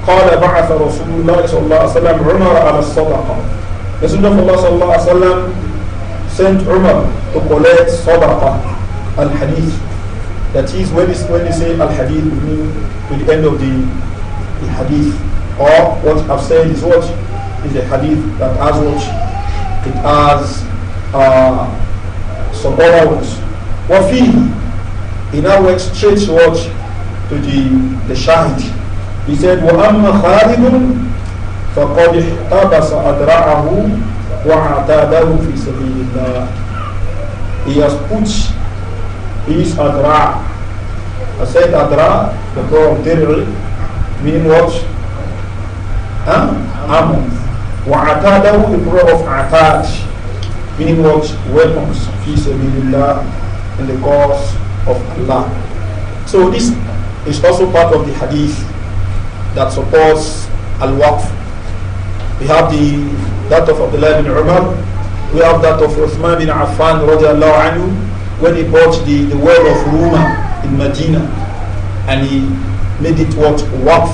قال بعث رسول الله صلى الله عليه وسلم عمر على الصدقة Messenger of Allah sallallahu alaihi wasallam sent Umar to collect sadaqa al hadith. That is when, when they say al hadith, we mean to the end of the, the hadith. Or what I've said is what is a hadith that has what it has uh, some other ones. Wafi, he now went straight to what to the the shahid. He said, "Wa amma kharibun فقد احتبس أدرعه وعتاده في سبيل الله he has put his adra I said adra the plural of dir'i mean what? Huh? Amon وعتاده the plural of atad meaning what? weapons في سبيل الله in the cause of Allah so this is also part of the hadith that supports al-waqf We have the that of Abdullah bin Umar. We have that of Uthman bin Affan radiallahu anhu when he bought the, the well of Ruma in Medina and he made it what waqf.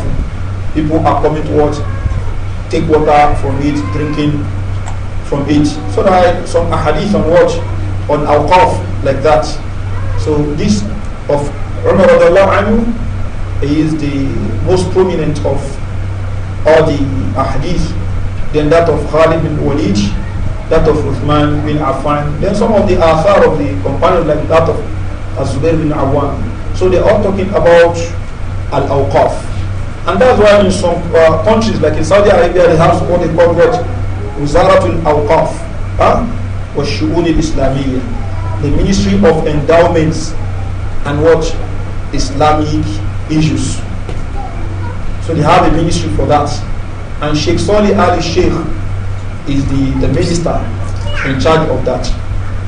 People are coming to what take water from it, drinking from it. So there are some ahadith on what on alqaf like that. So this of Umar radiallahu he is the most prominent of all the ahadith then that of Khalid bin Walid, that of Uthman bin Affan, then some of the Athar of the companions like that of Azubair bin Awan. So they are talking about Al-Awqaf. And that's why in some uh, countries like in Saudi Arabia they have what they call what? Wizaratul Awqaf. Huh? Or Shu'un al-Islamiyya. The Ministry of Endowments and what? Islamic issues. So they have a ministry for that. And Sheikh Soli Ali Sheikh is the, the minister in charge of that.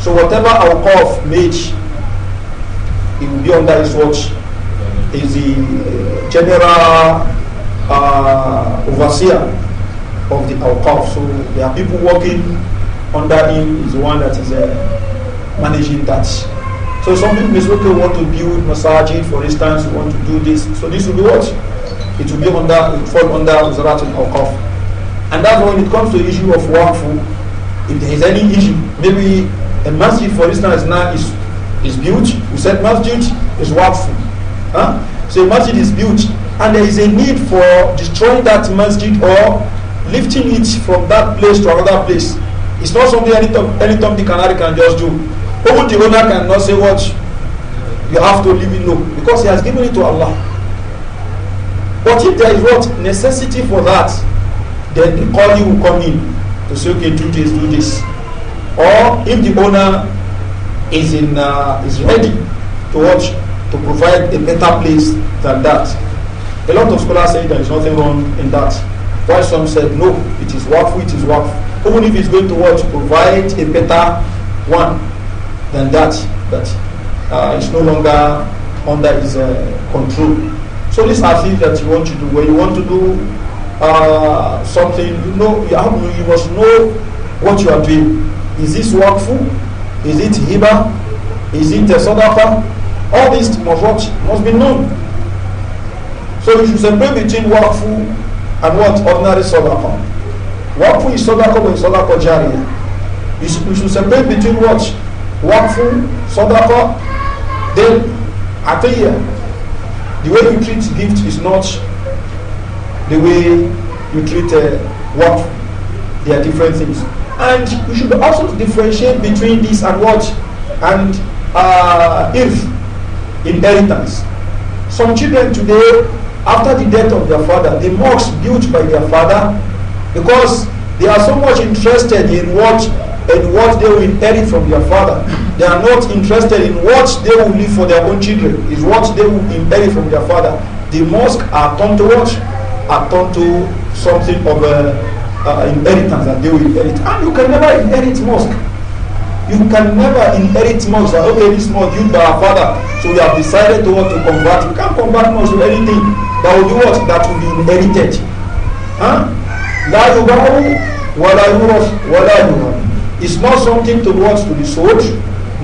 So whatever our cough made, it will be under his watch. Is the uh, general uh, overseer of the Awqaf. So there are people working under him, is the one that is uh, managing that. So some people may say, okay, want to build masajid, for instance, want to do this. So this will be what? it will be under, it fall under Zarat al Awqaf. And that's when it comes to the issue of waqfu, if there is any issue, maybe a masjid, for instance, now is, is built, we said masjid is waqfu. Huh? So a masjid is built, and there is a need for destroying that masjid or lifting it from that place to another place. It's not something any Tom, any Tom the canary can just do. Even the owner cannot say what you have to leave it no, because he has given it to Allah. But if there is what necessity for that, then the calling will come in to say, okay, do this, do this. Or if the owner is in uh, is ready to watch to provide a better place than that. A lot of scholars say there is nothing wrong in that. While some said no, it is worth, it is worth. Even if it's going to watch provide a better one than that, that uh, it's no longer under his uh, control. So this are things that you want to do. When you want to do uh, something, you know, you, have, you must know what you are doing. Is this workful? Is it hiba? Is it sadaqa? All these must what must be known. So you should separate between workful and what ordinary sadaqa. Workful is sadaqa when sadaqa jariyah. You should, you should separate between what workful sadaqa then atiyah The way you treat gift is not the way you treat uh, work. They are different things. And you should also differentiate between this and what? And uh, if inheritance. Some children today, after the death of their father, the mocks built by their father because they are so much interested in what in what they will inherit from their father. They are not interested in what they will leave for their own children. Is what they will inherit from their father. The mosque are turned to what? Are turned to something of a, uh, uh, inheritance that they will inherit. And you can never inherit mosque. You can never inherit mosque. That, okay, this mosque used by our father, so we have decided to what to convert. You can't convert mosque to anything that will be what? That will be inherited. Huh? لا يباع ولا يورث ولا يورث It's not something to watch to be sold,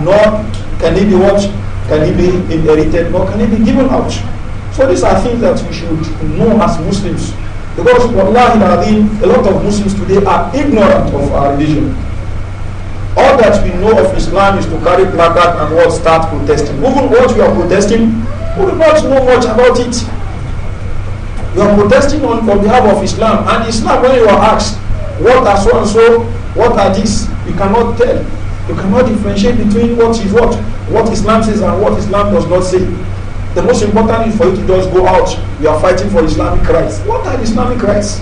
nor can it be watched, can it be inherited, nor can it be given out. So these are things that we should know as Muslims. Because wallahi al a lot of Muslims today are ignorant of our religion. All that we know of Islam is to carry placard and what start protesting. Even what we are protesting, we do not know much about it. You are protesting on, on behalf of Islam. And Islam, when you are asked, what are so and so, what are these? You cannot tell. You cannot differentiate between what is what, what Islam says and what Islam does not say. The most important is for you to just go out. You are fighting for Islamic rights. What are Islamic rights?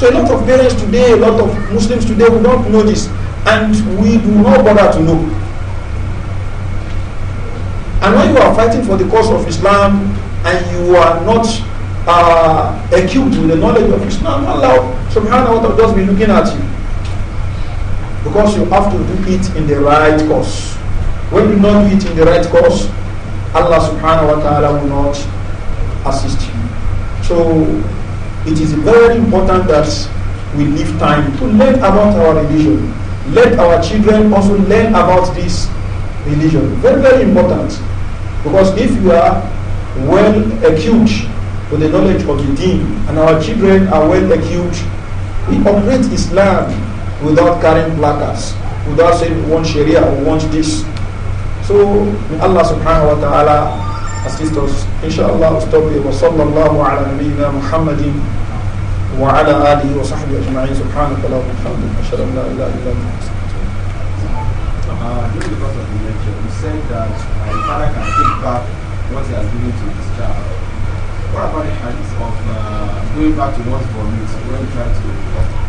So a lot of parents today, a lot of Muslims today will not know this. And we do not bother to know. And when you are fighting for the cause of Islam and you are not uh, acute with the knowledge of Islam, Allah subhanahu wa ta'ala just be looking at you. Because you have to do it in the right course. When you don't do it in the right course, Allah subhanahu wa ta'ala will not assist you. So it is very important that we leave time to learn about our religion. Let our children also learn about this religion. Very, very important. Because if you are well equipped with the knowledge of the deen and our children are well equipped, we operate Islam without carrying placards, without saying want Sharia or want this. So may Allah subhanahu wa ta'ala assist us. Inshallah we'll Wa sallallahu ala nabiyyina Muhammadin wa ala alihi wa sahbihi ajma'in. Subhanaka wa bihamdika. Ashhadu an la ilaha illa uh, during the course of the lecture, you said that uh, my father can take back what he has given to his child. What about the hadith of uh, going back to one's vomit when trying to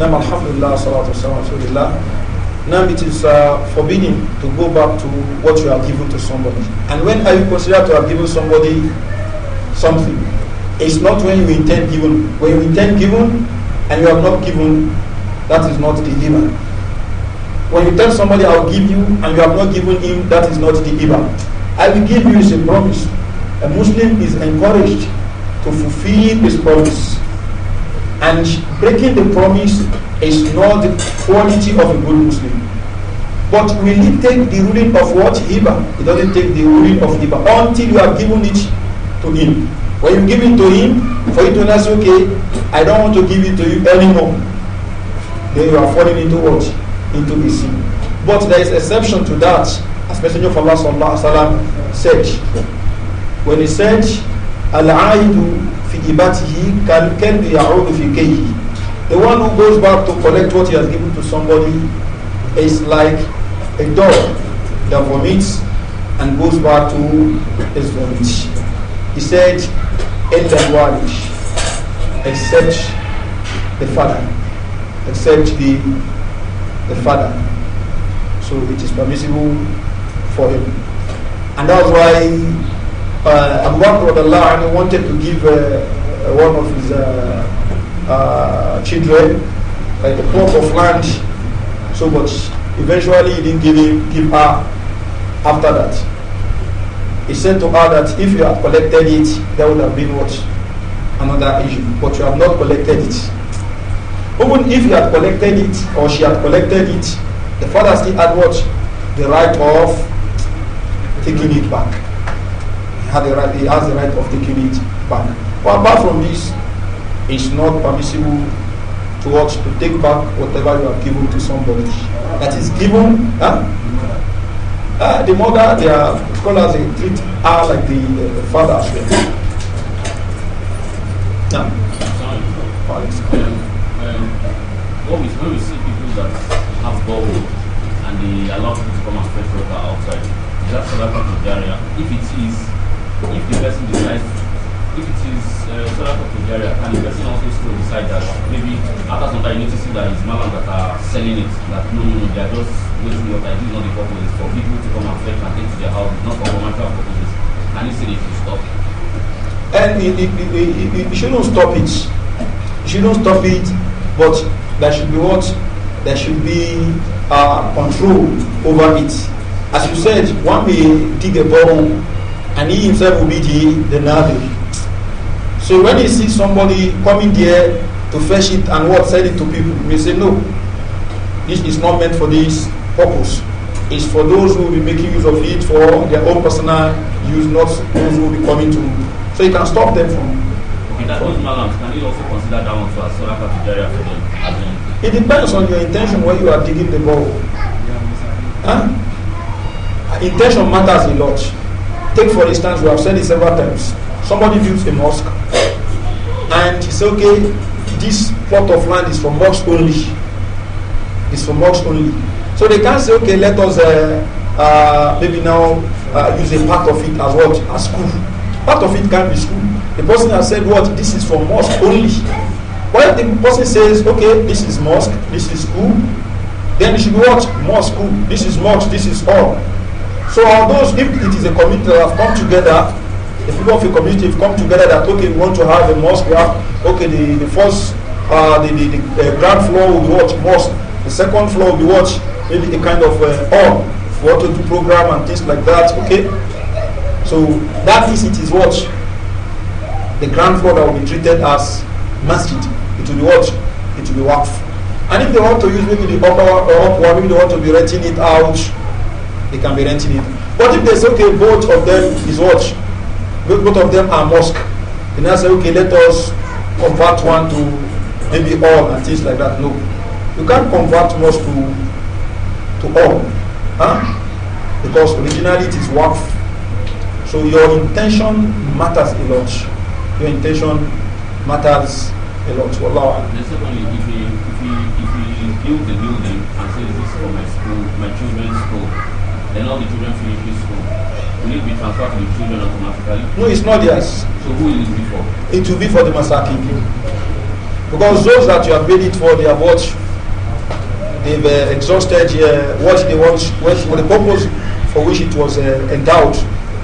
Nam alhamdulillah, salatu alhamdulillah. Now it is uh, forbidden to go back to what you have given to somebody. And when are you considered to have given somebody something? It's not when you intend given. When you intend given and you have not given, that is not the giver. When you tell somebody I'll give you and you have not given him, that is not the giver. I will give you is a promise. A Muslim is encouraged to fulfill his promise. And breaking the promise is not the quality of a good Muslim. But will he take the ruling of what? heba? It doesn't take the ruling of heba until you have given it to him. When you give it to him, for you to say, okay, I don't want to give it to you anymore. Then you are falling into what? Into the sin. But there is exception to that. As Messenger of Allah sallallahu said, when he said, Al-Aidu fi ibatihi kalbi ya'udu fi kayhi. The one who goes back to collect what he has given to somebody is like a dog that vomits and goes back to his vomit. He said, except the father, except the the father. So it is permissible for him, and that's why uh, wanted to give uh, uh one of his uh, uh, children like a plot of land, so but eventually he didn't give, him, give her after that. He said to her that if you had collected it, that would have been what? Another issue, but you have not collected it. Even if you had collected it or she had collected it, the father still had what? The right of taking it back had the right, he has the right of taking it back. But apart from this, it's not permissible to watch to take back whatever you have given to somebody. That is given. Huh? Uh, the mother, they are scholars, they treat her like the, uh, the father. Now, um, um, what we, when we see people that have borrowed and they allow people to come and fetch water outside, that's another If it is if the person decides, if it is uh, solar for Nigeria, and the person also still decide that maybe after some time noticing that it's Mama that are selling it, that no, no, no, they are just wasting your time. This is not the purpose. It's for people to come and fetch and take to their house, not for commercial purposes. Can you said if you stop And it, it, it, it, shouldn't stop it. You shouldn't stop it, but there should be what? There should be uh, control over it. As you said, one may dig a bottom and he himself will be the, the Nabi. So when he sees somebody coming there to fetch it and what sell it to people, he may say, No, this is not meant for this purpose. It's for those who will be making use of it for their own personal use, not those who will be coming to. So you can stop them from. Okay, that those malams, can you also consider that one for a solar cafeteria for them? It depends on your intention when you are digging the ball. Huh? Intention matters a lot. Take for instance, we have said it several times. Somebody builds a mosque and he says, okay, this plot of land is for mosque only. It's for mosque only. So they can't say, okay, let us uh, uh, maybe now uh, use a part of it as what? As school. Part of it can be school. The person has said, what? This is for mosque only. Well, the person says, okay, this is mosque, this is school, then it should be what? Mosque, school, this is mosque, this is all. So on those, if it is a community that have come together, the people of a community have come together that, okay, we want to have a mosque, we have, okay, the, the first, uh, the, the, the, ground floor will be what? Mosque. The second floor will be what? Maybe a kind of uh, hall for to do program and things like that, okay? So that is, it is what? The ground floor that will be treated as masjid. It will be what? It will be waqf. And if they want to use maybe the upper, or uh, upper maybe they want to be renting it out, they can be renting it. But if they say, okay, both of them is what? Both of them are mosque. Then I say, okay, let us convert one to maybe all and things like that. No. You can't convert mosque to, to all. Huh? Because originally it is work. So your intention matters a lot. Your intention matters a lot. Wallah. And secondly, if we, if we, if we build the building and say this is for my school, my children's school, then all the children finish school. Will it be transferred to the children automatically? No, it's not theirs. So who will it be for? It will be for the Masaki people. Because those that you have made it for, they have what? They've uh, exhausted uh, what they want, what, what the purpose for which it was uh, endowed.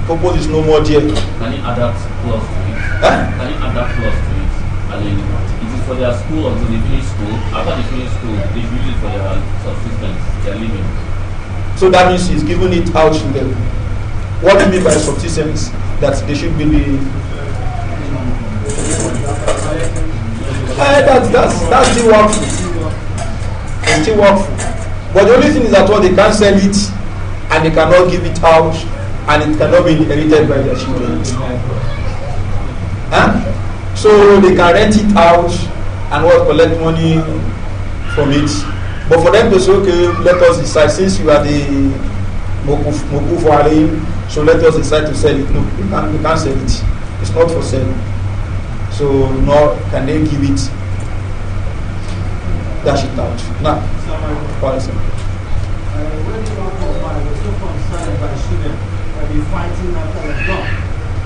Purpose is no more there. Can you adapt clause to it? Huh? Can you adapt plus to it? Is it for their school until they finish school? After they finish school, they use it for their subsistence, their living. So that means he's giving it out to them. What do you mean by subsistence? That they should be the Uh, that's, that's, that's still workful. It's still workful. But the only thing is that what well, they can't sell it and they cannot give it out and it cannot be inherited by their children. Huh? So they can rent it out and what collect money from it. But for them to say, okay, let us decide, since you are the Mokuf, Mokuf Alim, so let us decide to sell it. No, you can't, you can't sell it. It's not for sale. So nor can they give it, dash it out. Now, what is it? Uh, when the one was by, was so by Shilem, that they fighting after the block,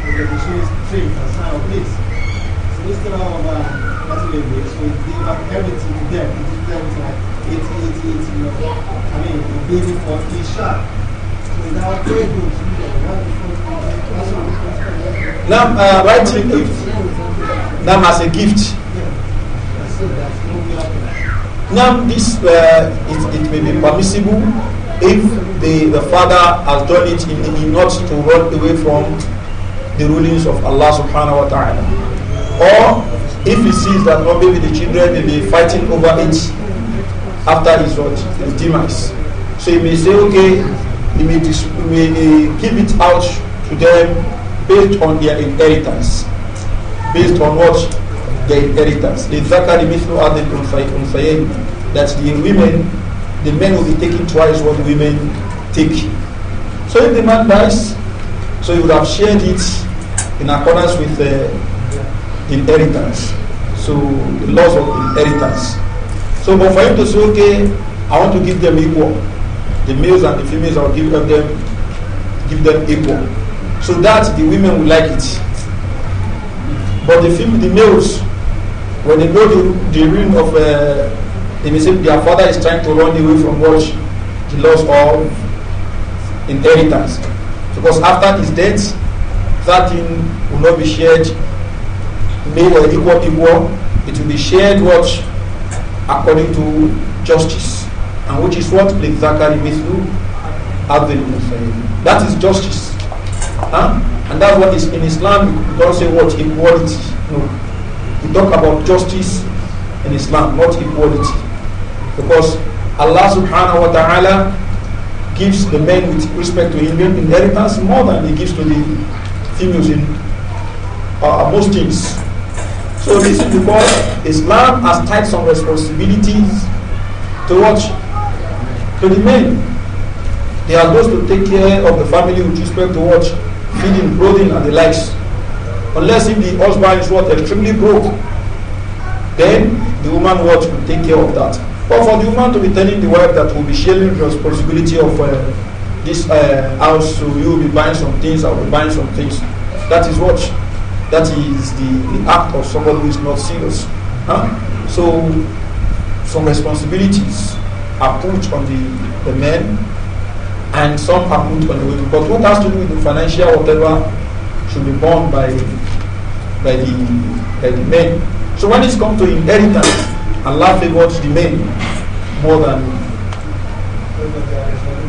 with the machine's trade and sign of peace. So instead of uh, that's what they did, so they gave up everything to them, they did everything like 1880, 1880, I mean, bidding for Isha without prayer groups. Now, uh, right to gift. Now, as a gift. Now, this uh, it, it may be permissible if the, the father has done it in, in not to run away from the rulings of Allah subhanahu wa ta'ala. Or if he sees that well, maybe the children may be fighting over it, after his what? His demise. So he may say, okay, he may, dis- may give it out to them based on their inheritance. Based on what? Their inheritance. That the women, the men will be taking twice what women take. So if the man dies, so he would have shared it in accordance with the uh, inheritance. So the laws of inheritance. So, but for him to say, okay, I want to give them equal, the males and the females, I'll give them, give them equal, so that the women will like it. But the fem- the males, when they go to the ring of, uh, they may say their father is trying to run away from what the loss of inheritance, because after his death, that thing will not be shared, male equal equal. It will be shared what according to justice, and which is what Zakari Mithlu Abdul Musayyid. That is justice. Huh? And that's what is in Islam, We don't say what? Equality. No. We talk about justice in Islam, not equality. Because Allah subhanahu wa ta'ala gives the men with respect to human inheritance more than he gives to the females in uh, most things. So this is because Islam has tied some responsibilities to watch to the men. They are those to take care of the family with respect to watch feeding, clothing, and the likes. Unless if the husband is what extremely broke, then the woman watch will take care of that. But for the woman to be telling the wife that will be sharing the responsibility of uh, this uh, house, so you will be buying some things, I will be buying some things. That is what that is the, the act of someone who is not serious. Huh? So some responsibilities are put on the, the men and some are put on the women. But what has to do with the financial whatever should be borne by by the by the men. So when it's come to inheritance, Allah favors the men more than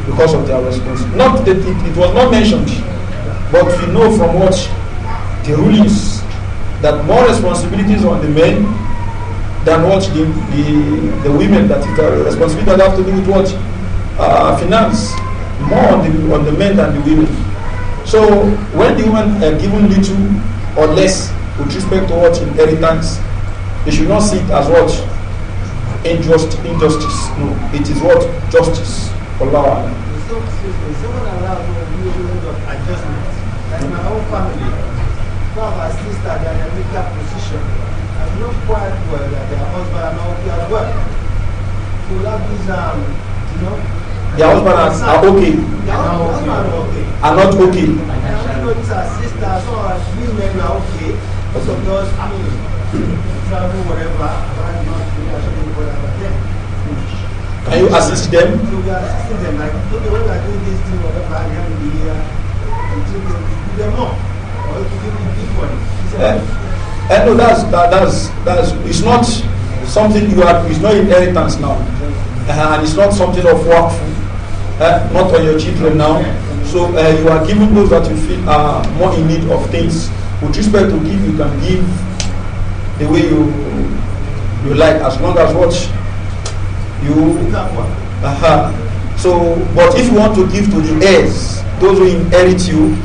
because of their responsibility. Not that it, it was not mentioned, but we know from what the rulings that more responsibilities on the men than what the, the, the women that it are responsibility that have to do with what uh, finance more on the, on the men than the women so when the women are given little or less with respect to what inheritance they should not see it as what injustice injustice no it is what justice Allah. Someone allowed to adjustment. my whole family, come as sister they are in a weaker position and know quite well that their husband are not okay as well so that gives um you know their husband are, are okay their husband are okay are not okay and I know these are sisters so as we men we are okay so just I mean travel whatever around the country I should be whatever then can you assist them? So we are assisting them like okay when we are doing this thing whatever I am in the year until they them more Eh? And eh, no, that's that, that's that's it's not something you are. It's not inheritance now, uh, and it's not something of work, uh, not on your children now. So uh, you are giving those that you feel are more in need of things. With respect to give, you can give the way you you like, as long as what you. Uh -huh. So, but if you want to give to the heirs, those who inherit you,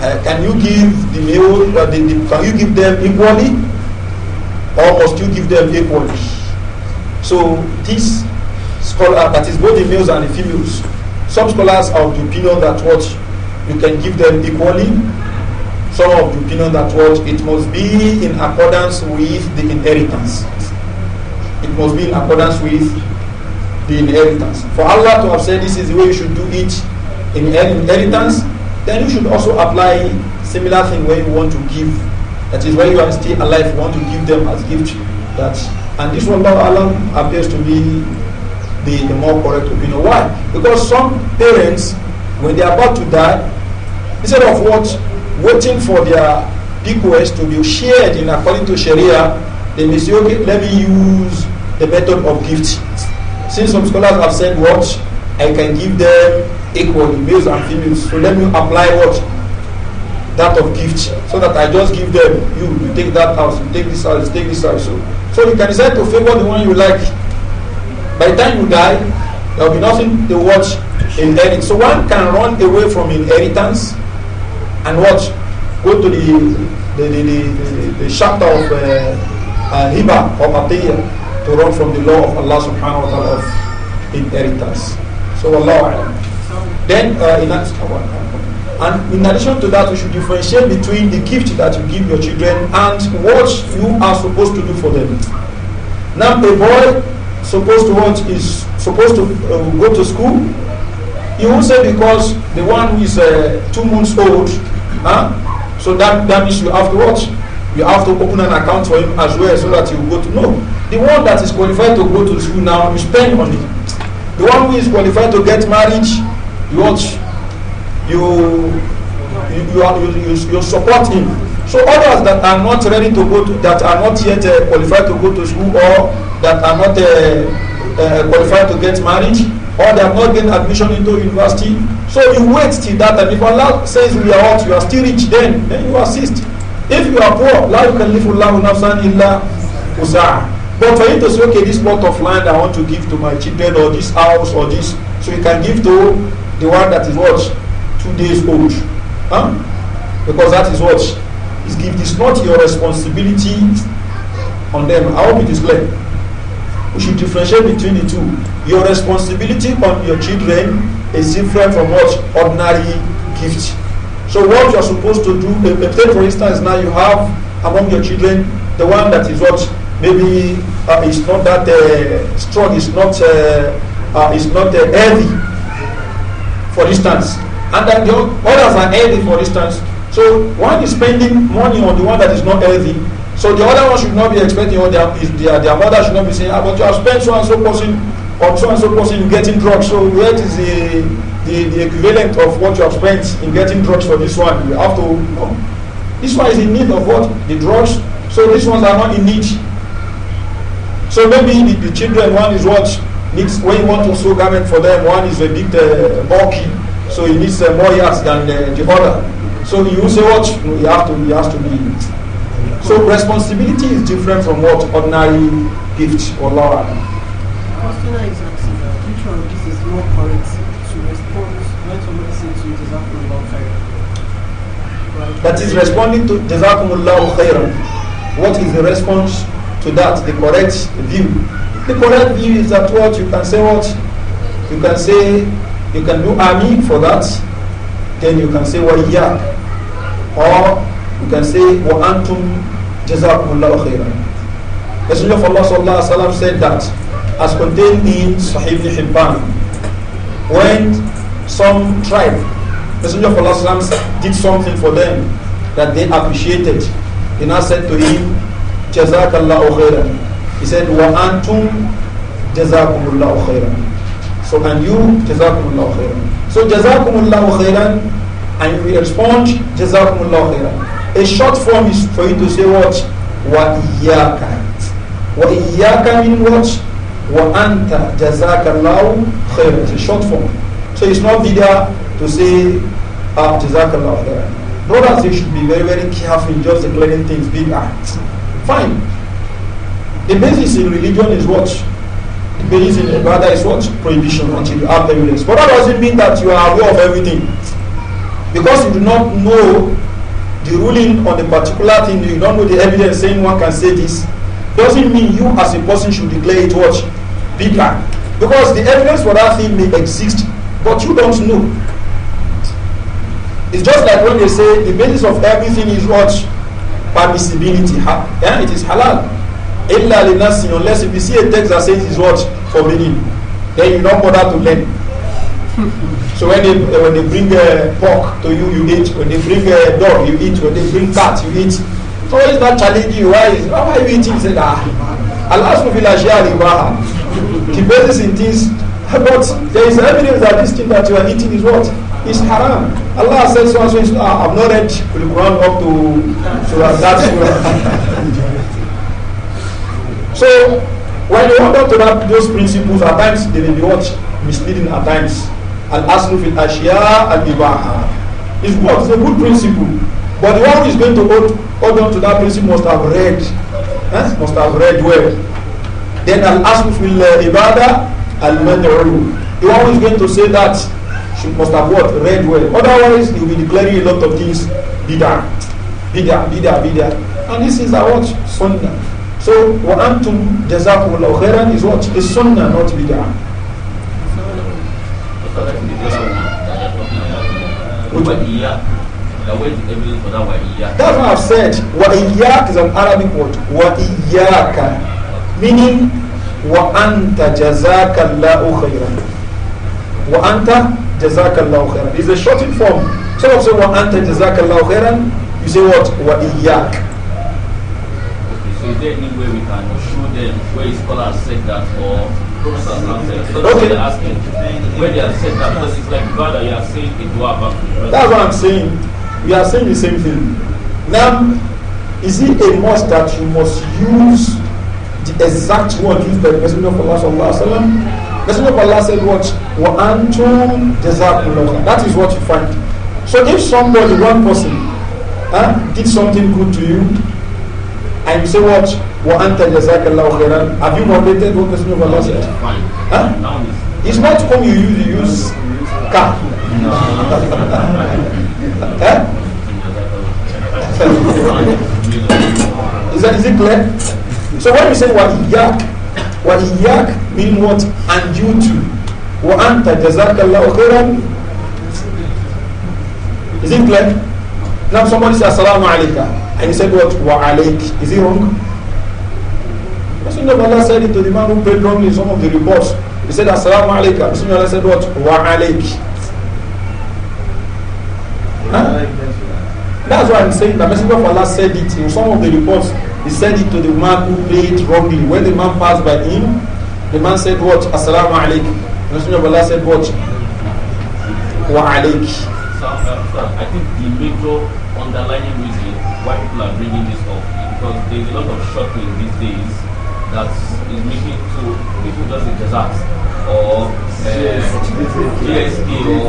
Uh, can you give the male, uh, the, the, can you give them equally? Or must you give them equally? So this scholar, that is both the males and the females, some scholars are of the opinion that what you can give them equally, some of the opinion that what it must be in accordance with the inheritance. It must be in accordance with the inheritance. For Allah to have said this is the way you should do it in inheritance, then you should also apply similar thing where you want to give. That is where you are still alive, you want to give them as gift. That and this one Allah appears to be the, the more correct opinion. Why? Because some parents, when they are about to die, instead of what waiting for their bequest to be shared in according to Sharia, they may say, okay, let me use the method of gift. Since some scholars have said what I can give them equally, males and females. So let me apply what? That of gift. So that I just give them, you, you take that house, you take this house, you take this house. So, so you can decide to favor the one you like. By the time you die, there will be nothing to watch inherit. So one can run away from inheritance and watch, go to the the, the, the, the chapter of uh, uh, or Matiyah to run from the law of Allah subhanahu wa ta'ala of inheritance. So Allah. Then, uh, in, and in addition to that, we should differentiate between the gift that you give your children and what you are supposed to do for them. Now, a boy supposed to what is supposed to uh, go to school. You will say because the one who is uh, two months old, huh? so that, that means you have to watch. You have to open an account for him as well so that you go to know. The one that is qualified to go to school now, is spend money. The one who is qualified to get married, you what you you are, you, you, you support him so others that are not ready to go to that are not yet uh, qualified to go to school or that are not uh, uh, qualified to get married or they have not gained admission into university so you wait till that time if allah says we are out you are still rich then then you assist if you are poor life can live yukallifu llahu nafsan illa usaha but for you to say okay this plot of land i want to give to my children or this house or this so you can give to the one that is what two days old huh? because that is what is give it not your responsibility on them i hope it is clear we should differentiate between the two your responsibility on your children is different from what ordinary gift so what you are supposed to do take for instance now you have among your children the one that is what maybe uh, is not that uh, strong is not uh, uh, is not uh, heavy for instance and that the others are healthy for instance so one is spending money on the one that is not healthy so the other one should not be expecting or their, their, their mother should not be saying ah, but you have spent so and so person or so and so person in getting drugs so where is the, the, the equivalent of what you have spent in getting drugs for this one you have to you know, this one is in need of what the drugs so these ones are not in need so maybe the, the children one is what needs, when you want to sew garment for them, one is a bit uh, bulky, so he needs uh, more yards than uh, the other. So you say what? You have to, you have to be. Mm-hmm. So responsibility is different from what ordinary gift or law. Question is which one of these is more correct to respond when somebody says to you, Jazakumullah khairan? That is responding to Jazakumullah khairan. What is the response to that? The correct view the correct view is that what you can say what you can say you can do Amin for that, then you can say wa yeah. or you can say wa antum jazakumullahu khairan. Messenger of Allah sallallahu alaihi said that as contained in Sahih Hibban when some tribe Messenger of Allah sallam, did something for them that they appreciated. He now said to him, Jazakallahu khairan. He said, Wa antum jazakumullahu khairan. So, and you jazakumullahu khairan. So, jazakumullahu khairan, and you respond jazakumullahu khairan. A short form is for you to say what? Wa iyyaka. Wa iyyaka mean what? Wa anta jazakallahu khairan. It's a short form. So, it's not video to say uh, jazakallahu khairan. Brothers, you should be very, very careful in just declaring things big acts. Fine. The basis in religion is what? The basis in brother is what? Prohibition until you have evidence. But that doesn't mean that you are aware of everything. Because you do not know the ruling on the particular thing, you don't know the evidence saying one can say this, doesn't mean you as a person should declare it what? Bigger. Because the evidence for that thing may exist, but you don't know. It's just like when they say the basis of everything is what? Permissibility. Ha yeah, it is halal. illa li nasin unless if you see a text that says it's what forbidden then you don't bother to learn so when they eh, when they bring uh, pork to you you eat when they bring uh, dog you eat when they bring cat you eat so why is that challenging you why is why are you eating you say ah allah subhanahu wa ta'ala the basis in this but there is evidence that this thing that you are eating is what is haram. Allah says, so, so, so, ah, I've not read the Quran up to Surah that So when you hold up to that, those principles, at times they may be what? Misleading at times. Al aslu fil ashiya al ibaha. It's good, it's a good principle. But the one who is going to hold, hold on to that principle must have read. Eh? Must have read well. Then al aslu fil ibada al mad'u. The one who is going to say that should must have what? Read well. Otherwise, he will be declaring a lot of things bidah, bidah, bidah, bidah. And this is are what? Sunnah. So, wa antum jazakumullahu khairan is what is sunnah, not bid'ah. That's what I've said. Wa iyyak is an Arabic word. Wa iyyaka. Meaning, wa anta jazakallahu khairan. Wa anta jazakallahu khairan. It's a shortened form. if you say wa anta jazakallahu khairan. You say what? Wa iyyak. there any way we can show them where scholars said that or professors have said? So okay. they're asking where they have said that because it's like brother, you are saying it to That's what I'm saying. We are saying the same thing. Now, is it a must that you must use the exact word used by the Messenger of Allah sallallahu alaihi wasallam? Messenger of Allah said what? Wa antum jazakumullah. That is what you find. So if somebody, one person, huh, did something good to you, And you say what? وَأَنْتَ جَزَاكَ اللَّهُ خَيْرًا Have you violated what Messenger of Allah said? Huh? It's not whom you use, you use car. huh? is, that, is it clear? So when we say وَإِيَّاكَ وَإِيَّاكَ mean what? And you too. وَأَنْتَ جَزَاكَ اللَّهُ خَيْرًا Is it clear? Now somebody says, Assalamu alaikum. And he said, What? Wa alaik. Is it wrong? Messenger of Allah said it to the man who prayed wrongly in some of the reports. He said, Assalamu alaikum. Messenger of Allah said, What? Wa alaik. Huh? That's why I'm saying the Messenger of Allah said it in some of the reports. He said it to the man who prayed wrongly. When the man passed by him, the man said, What? Assalamu alaikum. Messenger of Allah said, What? Wa alaik. So, uh, I think the major underlying reason why people are bringing this up because there's a lot of shopping these days that is making so people just say desserts or uh, eh, GSP or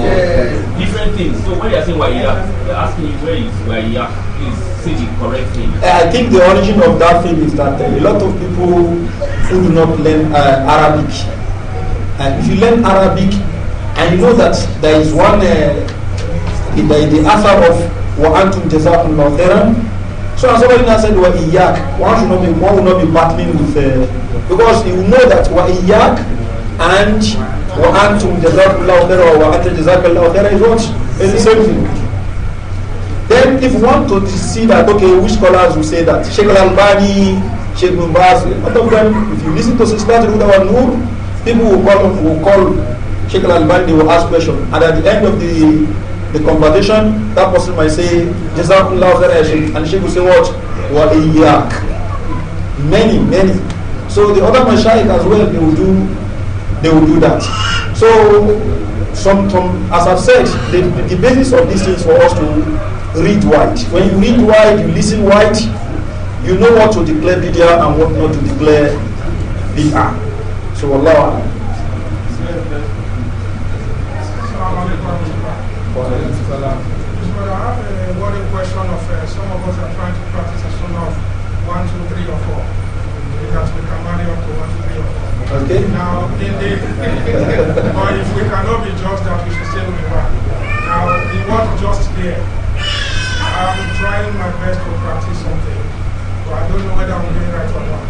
different things. So when they are saying Waiya, they're asking you where is Waiya? Please say correct eh, I think the origin of that thing is that eh, a lot of people who do not learn uh, Arabic. And if you learn Arabic, and you know that there is one, uh, the, the author of وَأَنْتُمْ جَزَاكُمْ لَوْ خَيْرًا So as somebody now said, wa iyak, one should not be one will not be battling with uh, because you know that wa iyak and wa antum jazakallahu khaira wa anta jazakallahu khaira is what is the same thing. Then if you want to see that okay, which scholars will say that Sheikh Al-Albani, Sheikh Mumbaz, a lot of them, if you listen to Sistat Rudawa Nur, people will call will call Sheikh Al-Albani, they will ask questions. And at the end of the the conversation, that person might say, Jazakallah khairan, and the she will say what? Wa iyyak. Many, many. So the other Mashaikh as well, they will do, they will do that. So, some, some as I've said, the, the basis of this is for us to read wide. When you read wide, you listen wide, you know what to declare bid'ah and what not to declare bid'ah. So, Allah. This brother, I have a worrying question of uh, some of us are trying to practice a sunnah of 1, 2, 3, or 4. Because we become marry up to 1, 2, 3, or 4. Okay. Now, in the, if we cannot be just that, we should still be are. Now, it was just there. I'm trying my best to practice something, but I don't know whether I'm doing right or not.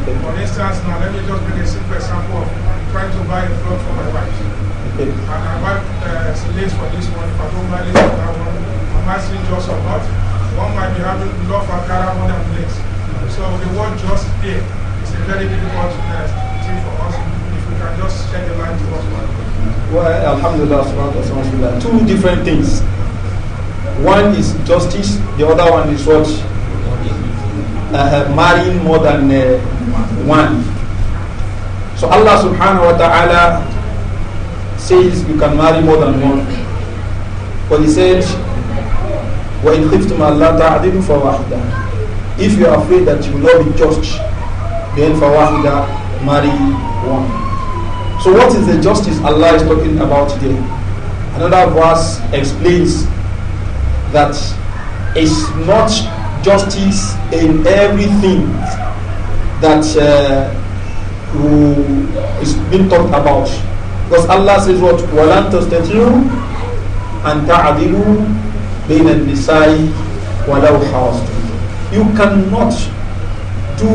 For instance, now let me just bring a simple example of trying to buy a float for my wife. And I want uh, a list for this one, if I don't mind for that one. I'm asking just or not. One might be having love for Gara more than links. So the word just here is a very difficult uh, thing for us. If we can just shed the light to us. Well, Alhamdulillah, Alhamdulillah. Two different things. One is justice, the other one is what? Uh, uh marrying more than uh, one. So Allah subhanahu wa ta'ala says you can marry more than one. But he said, وَإِنْ خِفْتُمْ أَلَّا تَعْدِلُوا فَوَاحِدًا If you are afraid that you will not be judged, then فَوَاحِدًا marry one. So what is the justice Allah is talking about today? Another verse explains that it's not justice in everything that uh, is being talked about Because Allah says what? وَلَن تَسْتَتِعُوا أَن تَعْدِلُوا بَيْنَ النِّسَاءِ وَلَوْ حَرَصْتُمْ You cannot do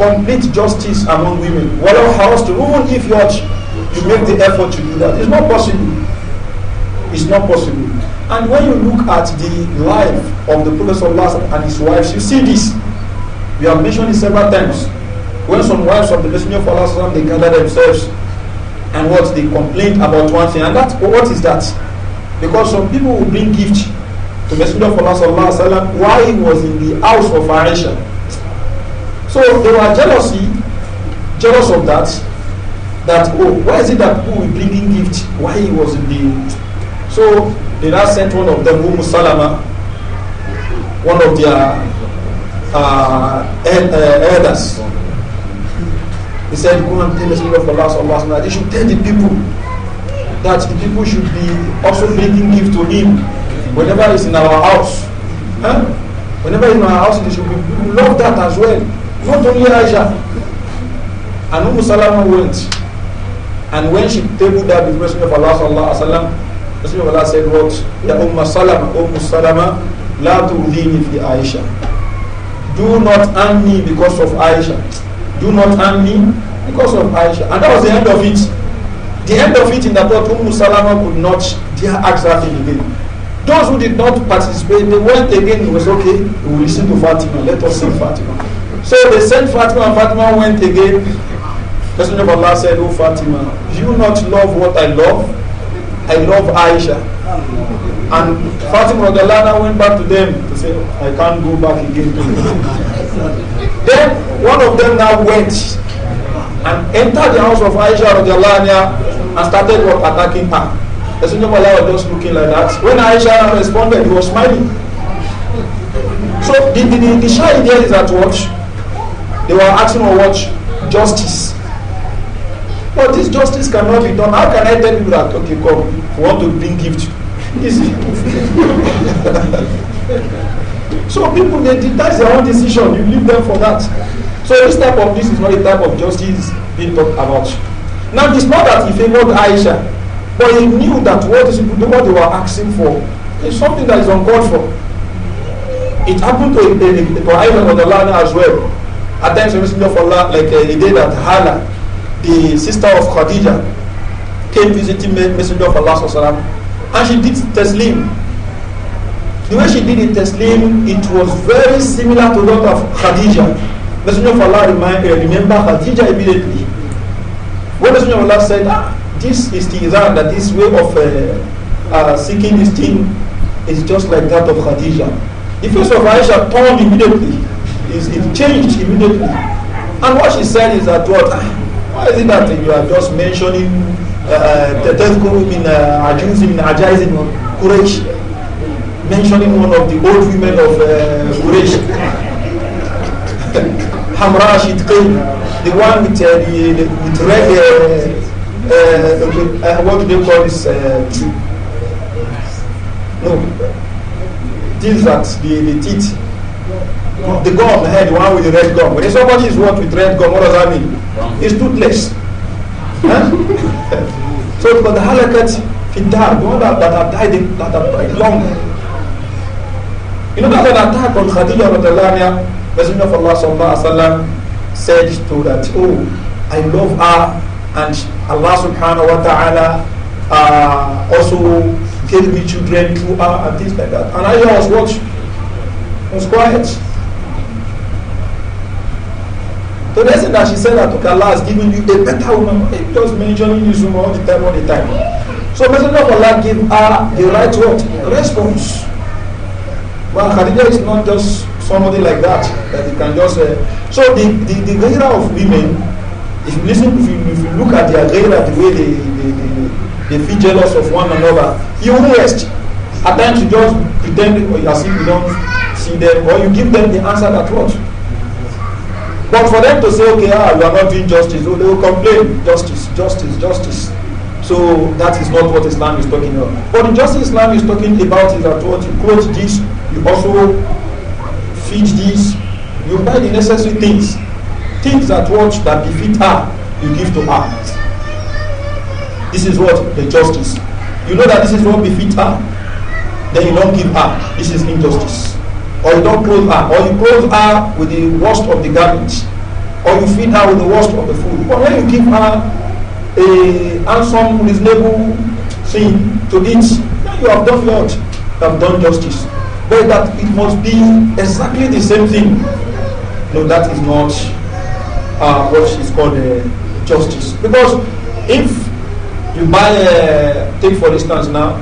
complete justice among women. وَلَوْ حَرَصْتُمْ Even if you make the effort to do that, it's not possible. It's not possible. And when you look at the life of the Prophet of Allah and his wives, you see this. We have mentioned it several times. When some wives of the Messenger of Allah they gather themselves and what they complained about one thing and that what is that because some people will bring gift to Messenger of Allah sallallahu alaihi wasallam while he was in the house of Aisha so they were jealousy jealous of that that oh why is it that people will bringing gift while he was in the so they now sent one of them Umm Salama one of their uh, elders He said, Go and tell the Messenger of Allah sallallahu that they should tell the people that the people should be also making gift to him whenever he's in our house. Huh? Whenever he's in our house, they should be love that as well. Not only Aisha. And Umm Salama went. And when she tabled that with the Messenger of Allah sallallahu alaihi wasallam, Messenger of Allah said, What? Ya Umm Salama, Umm Salama, La tu'dini fi Aisha. Do not harm me because of Aisha do not harm me because of Aisha. And that was the end of it. The end of it in the thought Umm Salama could not dare ask that thing again. Those who did not participate, they went again. It was okay. We will listen to Fatima. Let us send Fatima. So they sent Fatima, and Fatima went again. Messenger of Allah said, Oh Fatima, do you not love what I love? I love Aisha. And Fatima Radalana went back to them to say, I can't go back again to them. then one of them now went and entered the house of Aisha radiallahu and started attacking her. The Messenger of Allah was just looking like that. When Aisha responded, he was smiling. So the, the, the, the shy idea is that watch. They were asking for watch, Justice. But this justice cannot be done. How can I tell you that, okay, come, we want to bring gift? Easy. so people, they detach their own decision. You leave them for that. So this type of this is not the type of justice being talked about. Now it's not that he favored Aisha, but he knew that what these what they were asking for, is something that is uncalled for. It happened to a, a, a, a of the land as well. At times, the messenger of Allah, like uh, the day that Hala, the sister of Khadija, came visiting the messenger of Allah, sallam, and she did teslim. The way she did it, teslim, it was very similar to that of Khadija. Messenger of Allah reminded, eh, remember Khadija immediately. When Messenger of Allah said, ah, this is the Iran, that this way of uh, uh, seeking this thing is just like that of Khadija. The face of Aisha turned immediately. It's, it changed immediately. And what she said is that what? Why is it that you are just mentioning eh, the Tadkuru group in min Ajaiz Quraysh? Mentioning one of the old women of uh, Quraysh. Hamra Shitqi, the one with uh, the, the with red uh, uh, uh what do they call this? Uh, no, this that the, the teeth. The gum, the head, the one with the red gum. When somebody is what with red gum, what does that mean? Is toothless. so, but the halakat fitar, the one that, that have died, that have died long. You know that an attack on Khadija Messenger of Allah sallallahu alaihi wasallam said to that, oh, I love her and Allah subhanahu wa ta'ala uh, also gave me children through her and things like that. And I just what? Was quiet. the reason that she said that okay, Allah has given you a better woman, it just mentioning you so all the time, all the time. So Messenger of Allah gave her the right what? Response. Well, Khadija is not just somebody like that that you can just uh, so the the the gaira of women if you listen if you, if you look at their gaira the way they they, they they feel jealous of one another you rest at times you just pretend as if you don't see them or you give them the answer that what but for them to say okay ah you are not doing justice oh they will complain justice justice justice so that is not what Islam is talking about. But the justice Islam is talking about is that what you quote this, you also feed this, you buy the necessary things. Things that what that befit her, you give to her. This is what the justice. You know that this is what befit her, then you don't give her. This is injustice. Or you don't clothe her, or you clothe her with the worst of the garbage, or you feed her with the worst of the food. But when you give her a handsome, reasonable thing to eat, then you have done what? You have done justice expect that it must be exactly the same thing. No, that is not uh, what is called uh, justice. Because if you buy, uh, take for instance now,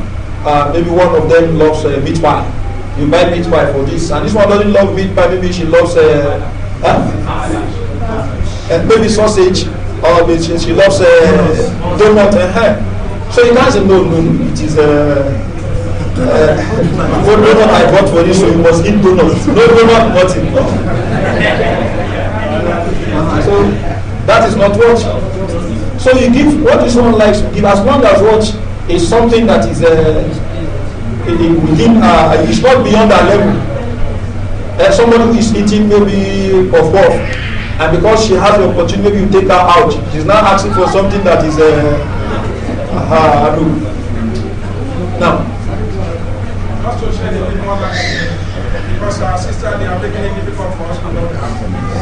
uh, maybe one of them loves uh, meat pie. You buy meat pie for this, and this one doesn't love meat pie. Maybe she loves, uh, huh? and maybe sausage, or maybe she, she loves uh, donut. Uh, so you guys say, no, no, no, it is. Uh, uh, what donut I bought for you, so you must eat donuts. No donut, nothing. So that is not what. So you give what is one likes give as long as what is something that is uh, within, uh, it's not beyond our level. Uh, somebody who is eating maybe of both, and because she has the opportunity, maybe you take her out. She's not asking for something that is. Uh, uh, now, not to share the people Because our sister, they are making it difficult for us to know them.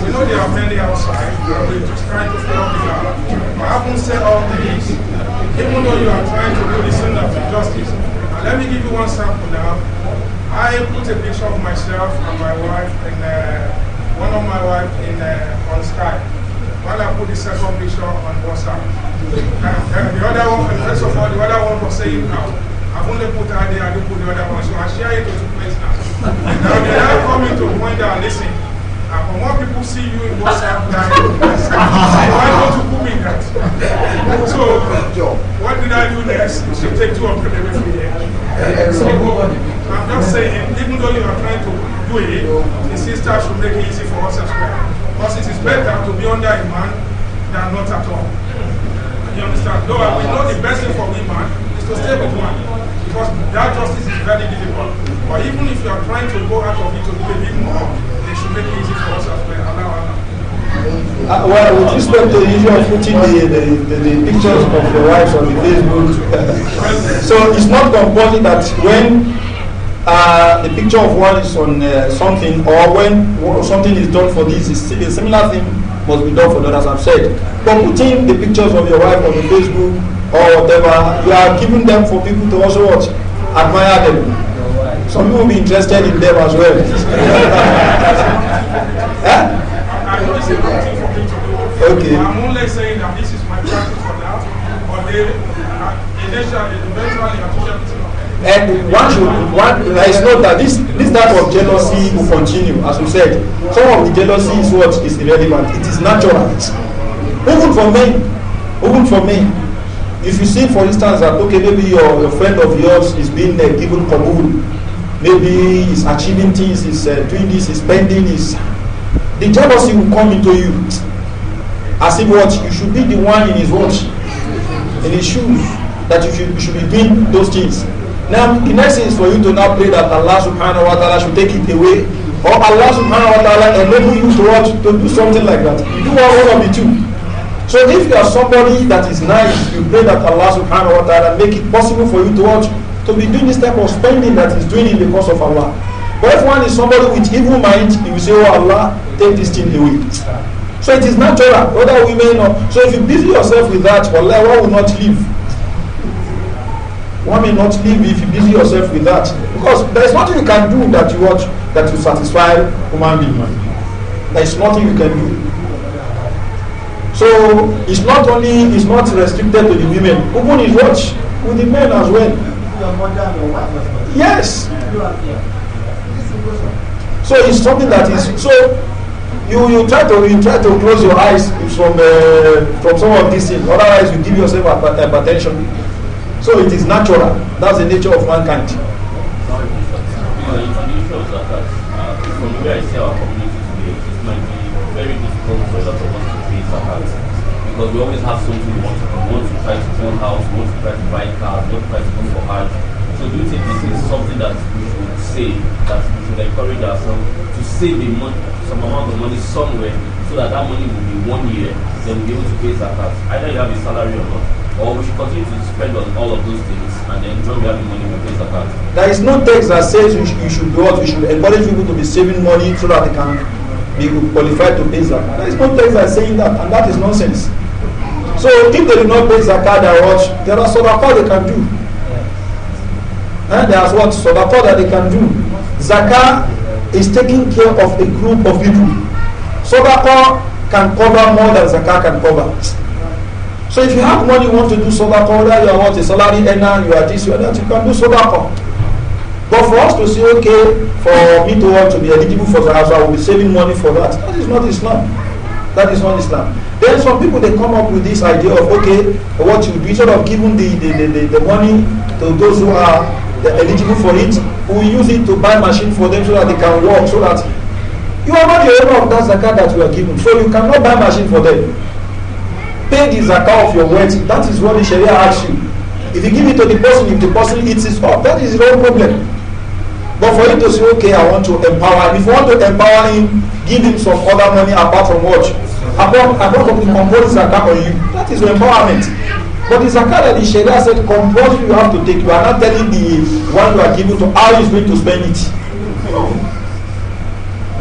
We know they are many outside, and are just trying to fill them out. But having said all this, even though you are trying to do the sin of justice. and let me give you one sample now. I put a picture of myself and my wife and uh, one of my wife in uh, on Skype while I put the second picture on WhatsApp. And, and the other one, first of all, the other one was saying now, I've only put her there, I didn't put the other one, I share it to two places now. now they are coming to point out, listen, and uh, more people see you in WhatsApp than why don't you put me in that? so what did I do next? To should take two of them away from I'm just saying, even though you are trying to do it, the sister should make it easy for us as well. Because it is better to be under a man than not at all. You understand? Though I will know the best thing for women, to stay with one. Because that justice is very difficult. But even if you are trying to go out of it to do a bit more, they should make it easy for us as well. Allow, allow. Uh, well, with respect to the issue of putting the, the, the, the pictures of your wives on the Facebook, so it's not compulsory that when uh, the picture of one is on uh, something, or when something is done for this, a similar thing must be done for the others. I've said, but putting the pictures of your wife on the Facebook or whatever, you are giving them for people to also watch, admire them. Some people will be interested in them as well. eh? Okay. I'm only saying that this is my practice for now, but they initially, eventually, I'm and one should one It's not that this this type of jealousy will continue as we said some of the jealousy is what is irrelevant it is natural even for men even for men if you see for instance that okay maybe your, your friend of yours is being uh, given kabul maybe he's achieving things he's uh, doing this he's spending this the jealousy will come into you as if what you should be the one in his watch in his shoes that you should, you should be doing those things now the next thing is for you to now pray that allah subhanahu wa ta'ala should take it away or allah subhanahu wa ta'ala enable you to watch to do something like that you do one of the two So if you are somebody that is nice, you pray that Allah subhanahu wa ta'ala make it possible for you to watch, to be doing this type of spending that is doing it because of Allah. But if one is somebody with evil mind, he will say, oh Allah, take this thing away. So it is natural, whether women or... So if you busy yourself with that, Allah, will not live. One may not live if you busy yourself with that. Because there is nothing you can do that you watch, that you satisfy human being. There is nothing you can do. So it's not only it's not restricted to the women. Even is watch? with the men as well. Yes. So it's something that is so you you try to you try to close your eyes from uh, from some of these things. Otherwise, you give yourself hypertension. So it is natural. That's the nature of mankind. because we always have something we want to do. We try to own house, we want to try to buy car. we want to try to go for art. So do you think this is something that we should say, that we should encourage ourselves to save a month, some amount of money somewhere so that that money will be one year, then we'll be able to pay that zakat. Either you have a salary or not. Or we should continue to spend on all of those things and then when we have the money, we pay zakat. There is no text that says you, should, you should do what? We should encourage people to be saving money so that they can be qualified to pay zakat. There is no text that saying that, and that is nonsense. So if they do not pay zakat or watch, there are sadaqah they can do. And eh, there are what sadaqah that they can do. Zakat is taking care of a group of people. Sadaqah can cover more than zakat can cover. So if you have money, you want to do sadaqah, whether you are what a salary earner, you are this, you are that, you can do sadaqah. But for us to say, okay, for me to want to be eligible for zakat, so I will be saving money for that, that is not Islam. That is not Islam. Then some people they come up with this idea of okay, what you do instead of giving the, the, the, the, money to those who are eligible for it, who use it to buy machine for them so that they can work, so that you are not the owner of that zakat that you are given. So you cannot buy machine for them. Pay the zakat of your wealth. That is what the Sharia asks you. If you give it to the person, if the person eats it up, that is your own problem. But for him to say, okay, I want to empower him. If you want to empower him, give him some other money apart from what above, above of the compulsory zakah on you. That is your empowerment. But the zakat that the Sharia said compulsory you have to take, you are not telling the one you are giving to how you is going to spend it. No.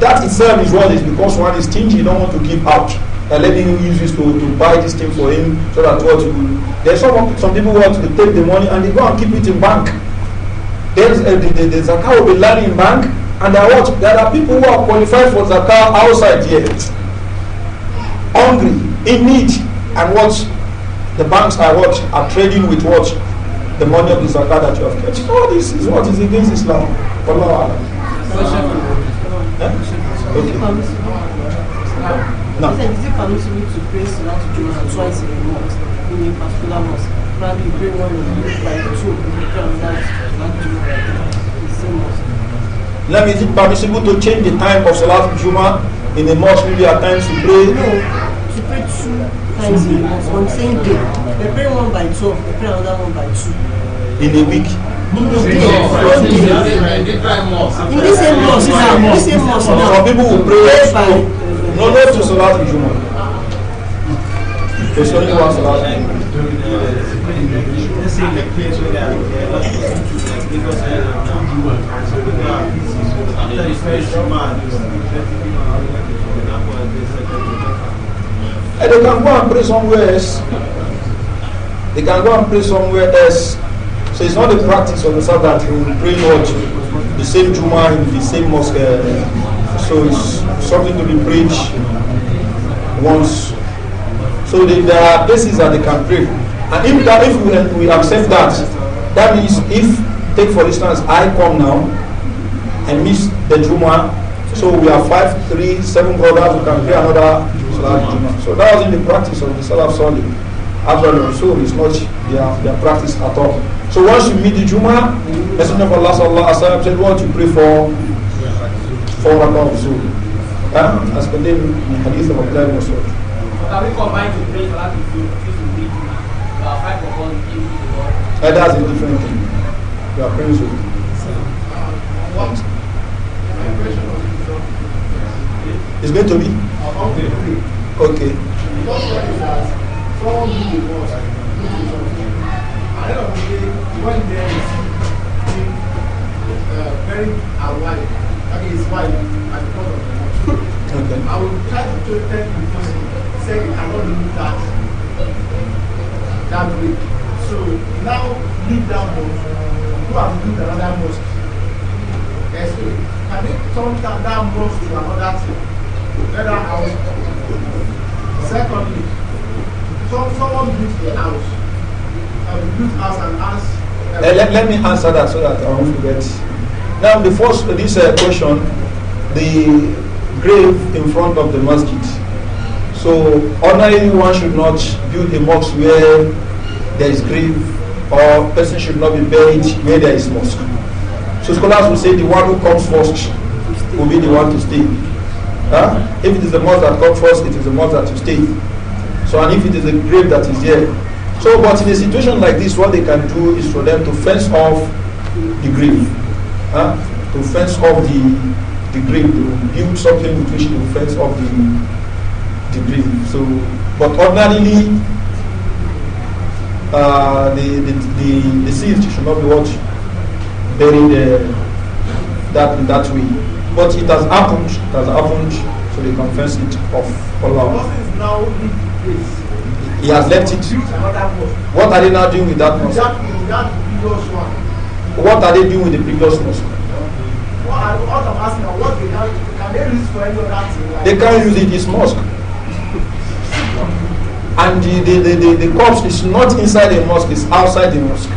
That itself is what is because one is stingy, you don't want to give out. And letting you use this to, to buy this thing for him so that what you there's some some people who want to take the money and they go and keep it in bank. There's uh, the, the, the zakah will be lying in bank and there are there are people who are qualified for zakat outside here hungry, in need, and what the banks are what are trading with what the money of the zakat that you have kept. All this is what is against Islam. Allah. Uh, eh? okay. No. Is it permissible to pray Salat Juma twice in a month in a particular mosque? probably you pray one in like two, and you pray another Salat Juma in the same mosque. Let me, is it permissible to change the time of Salat Juma in a mosque? Maybe at times you pray. No to pray two times in on the same day they pray one by two. they pray another one by two. in a week. in a day one in the same month. in the same month. now some people will pray by. no no to solat ijuma it's only one solat ijuma. And eh, they can go and pray somewhere else. They can go and pray somewhere else. So it's not the practice of the Sabbath that you pray much the same Juma in the same mosque. Eh, so it's something to be preached once. So the, there are places that they can pray. And if that if we, we accept that, that means if take for instance I come now and miss the Juma, so we are five, three, seven brothers who can pray another Salah Juma. So that wasn't the practice of the salah Salih. After so it's not their, their practice at all. So once you meet the Juma, Messenger of Allah Sallallahu Alaihi Wasallam said, what you pray for? For Rakah of Zuhr. Um, as per in the hadith of Abdullah ibn Masud. But are we combined to pray Salah to Zuhr, to read Juma? Five of eh, That's a different thing. You are praying Zuhr. What? It's going to be. Okay. Okay. Because that is someone the Okay. I will try to tell the person, say I want to do that, that way. So now leave that mosque, go and build another mosque. Yes, can they turn that, that mosque to another thing? Whether I was. Secondly, some, someone built a house and built house and asked. Uh, eh, let, let me answer that so that I won't forget. Now, the first this uh, question, the grave in front of the masjid. So, ordinarily, one should not build a mosque where there is grave, or person should not be buried where there is mosque. So, scholars will say the one who comes first will be the one to stay. Huh? If it is the mosque that comes first, it is the mosque that you stay. So, and if it is the grave that is there. So, but in a situation like this, what they can do is for them to fence off the grave. Huh? To fence off the, the grave, to build something with which to fence off the, the grave. So, but ordinarily, uh, the, the, the, the deceased should not be watched buried uh, that, in that way. But it has happened. It has happened. So they confess it of Allah. now He has left it. What are they now doing with that mosque? What are they doing with the previous mosque? They can't use it. It's mosque. And the, the, the, the, the corpse is not inside the mosque, it's outside the mosque.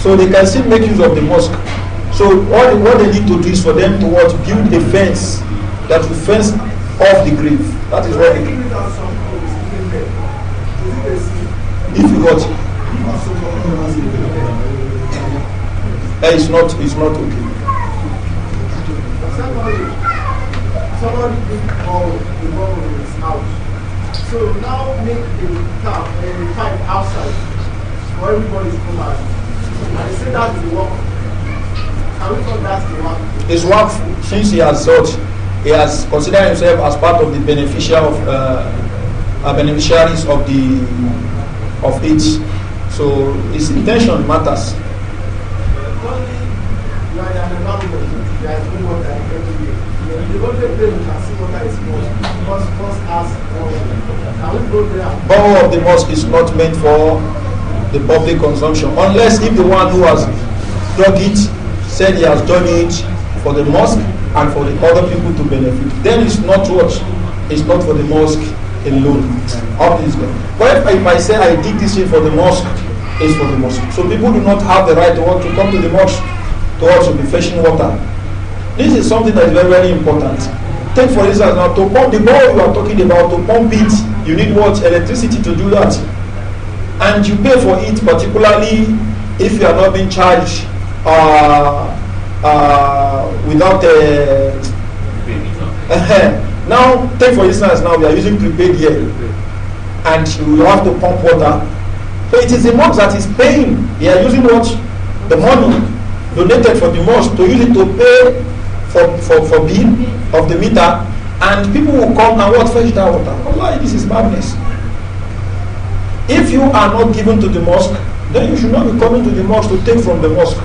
So they can still make use of the mosque. So all what they need to do is for them to what build a fence that will fence off the grave. That is what they do. If you got that is not is not okay. Somebody, somebody did all in house. So now make a tap and a pipe outside for everybody to come out. And they say that's the work His wife, since he has such, he has considered himself as part of the beneficiary of uh, uh beneficiaries of the of it. So his intention matters. All of the mosque is not meant for the public consumption, unless if the one who has dug it said he has done it for the mosque and for the other people to benefit, then it's not what? It's not for the mosque alone. Obviously. But if I, if I say I did this for the mosque, it's for the mosque. So people do not have the right to want to come to the mosque to also be fetching water. This is something that is very, very important. Take for instance now to pump the ball you are talking about, to pump it, you need what? Electricity to do that. And you pay for it particularly if you are not being charged uh, uh, without the uh, now take for instance now we are using prepaid here and we have to pump water so it is the mosque that is paying they are using what the money donated for the mosque to use it to pay for for for bill of the meter and people will come and what fetch that water allah this is madness if you are not given to the mosque then you should not be coming to the mosque to take from the mosque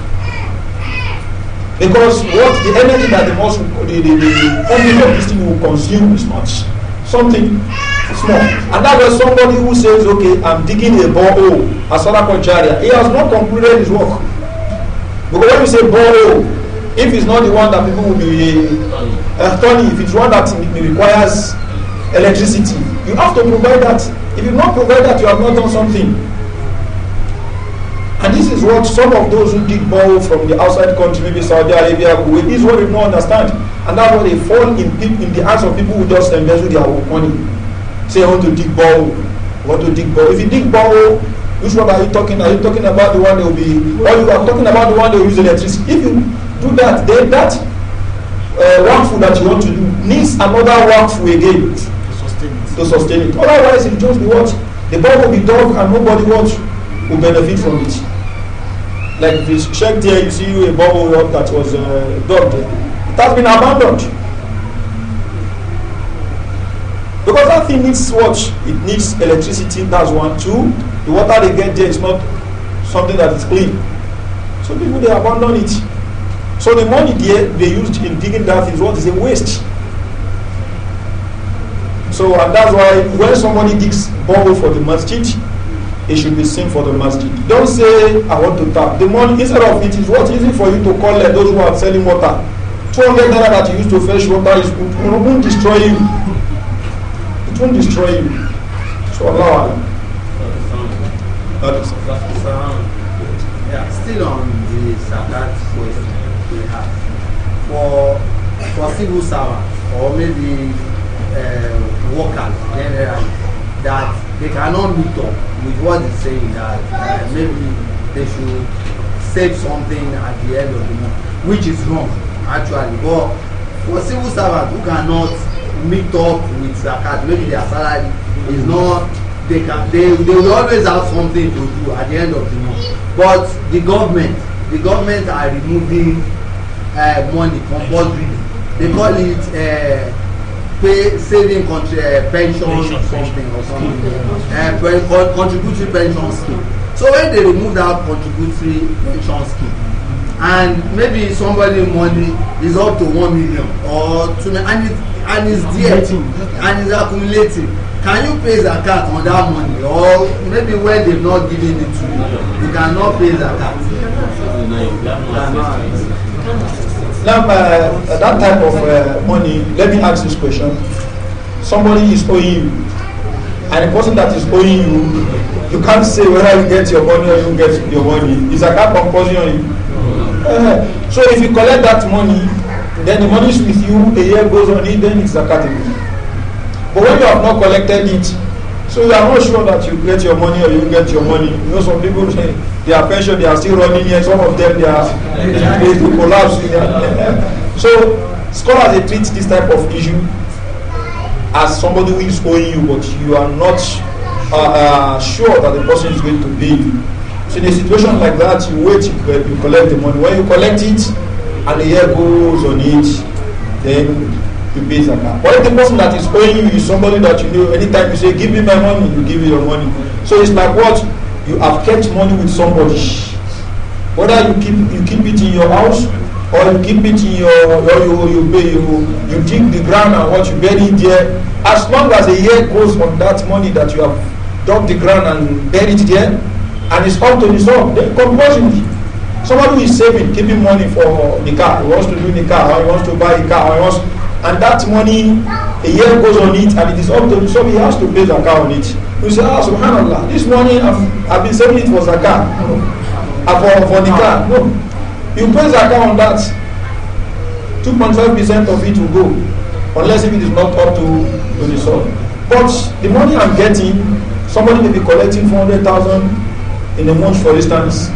Because what the energy that the most the, the, the, the this thing will consume is much something small. And that was somebody who says, okay, I'm digging a borehole, a solar concharia. He has not concluded his work. Because when you say borehole, if it's not the one that people will be uh, turning, if it's one that requires electricity, you have to provide that. If you not provide that, you have not done something. And this is what some of those who did borrow from the outside country, maybe Saudi Arabia, Kuwait, this is what they don't understand. And that's why they fall in, in the hands of people who just embezzle their own money. Say, I want to dig borrow, I want to dig borrow. If you dig borrow, which one are you talking? Are you talking about the one they will be, or you are talking about the one they will use electricity? If you do that, then that uh, workful that you want to do needs another workful again to sustain it. To sustain it. Otherwise, it just be what? The ball will be dark and nobody watch will benefit from it. Like if you check there, you see a bubble work that was uh, dug there. It has been abandoned. Because that thing needs watch. It needs electricity, that's one. Two, the water they get there is not something that is clean. So people, they abandon it. So the money there they used in digging that is what is a waste. So and that's why when somebody digs bubble for the masjid, it should be seen for the masjid. Don't say, I want to tap. The money, instead of it, is what easy for you to call like those who are selling water. Two hundred naira that you use to fetch water is, it won't destroy you. It won't destroy you. So Allah Allah. Yeah, still on the Sakat question we have. For, for civil servants or maybe uh, workers generally, that they cannot meet up with what they say that uh, maybe they should save something at the end of the month which is wrong actually but for civil servants who cannot meet up with zakat maybe their salary is not they can they they will always have something to do at the end of the month but the government the government are removing uh, money compulsorily they call it. Uh, pay saving country uh, pension, pension something or something uh, pen contributory pension scheme so when they remove that contributory pension scheme and maybe somebody money is up to one million or two million and it and it's there and it's accumulating can you pay zakat on that money or maybe when they not giving it to you you cannot pay zakat. Now, uh, uh, that type of uh, money, let me ask this question. Somebody is owing you, and the person that is owing you, you can't say whether you get your money or you get your money. Is a cap compulsion on you? Uh, so if you collect that money, then the money is with you, The year goes on it, then it's a category. But when you have not collected it, So you are not sure that you get your money or you get your money. You know, some people say their pension, they are still running here. Some of them, they are they, they collapse. so scholars, they treat this type of issue as somebody who is owing you, but you are not uh, uh, sure that the person is going to pay you. So in a situation like that, you wait, you, you collect the money. When you collect it, and the year goes on it, then you pay zakat. What if the person that is owing you is somebody that you know? Anytime you say, give me my money, you give me your money. So it's like what? You have kept money with somebody. Whether you keep you keep it in your house or you keep it in your or you you pay you you dig the ground and what you bury there. As long as a year goes on that money that you have dug the ground and bury it there, and it's up to the sun, then compulsory. Somebody who is saving, keeping money for the car, he wants to do the car, or he wants to buy a car, or he wants and that money a year goes on it and it is up to him so he has to pay zakah on it you say ah subhanallah this money I've, I've been saving it for zakah ah, uh, for, for car. no you pay zakah on that Two point five percent of it will go unless if it is not up to, to the soil but the money I'm getting somebody may be collecting four hundred thousand in a month for instance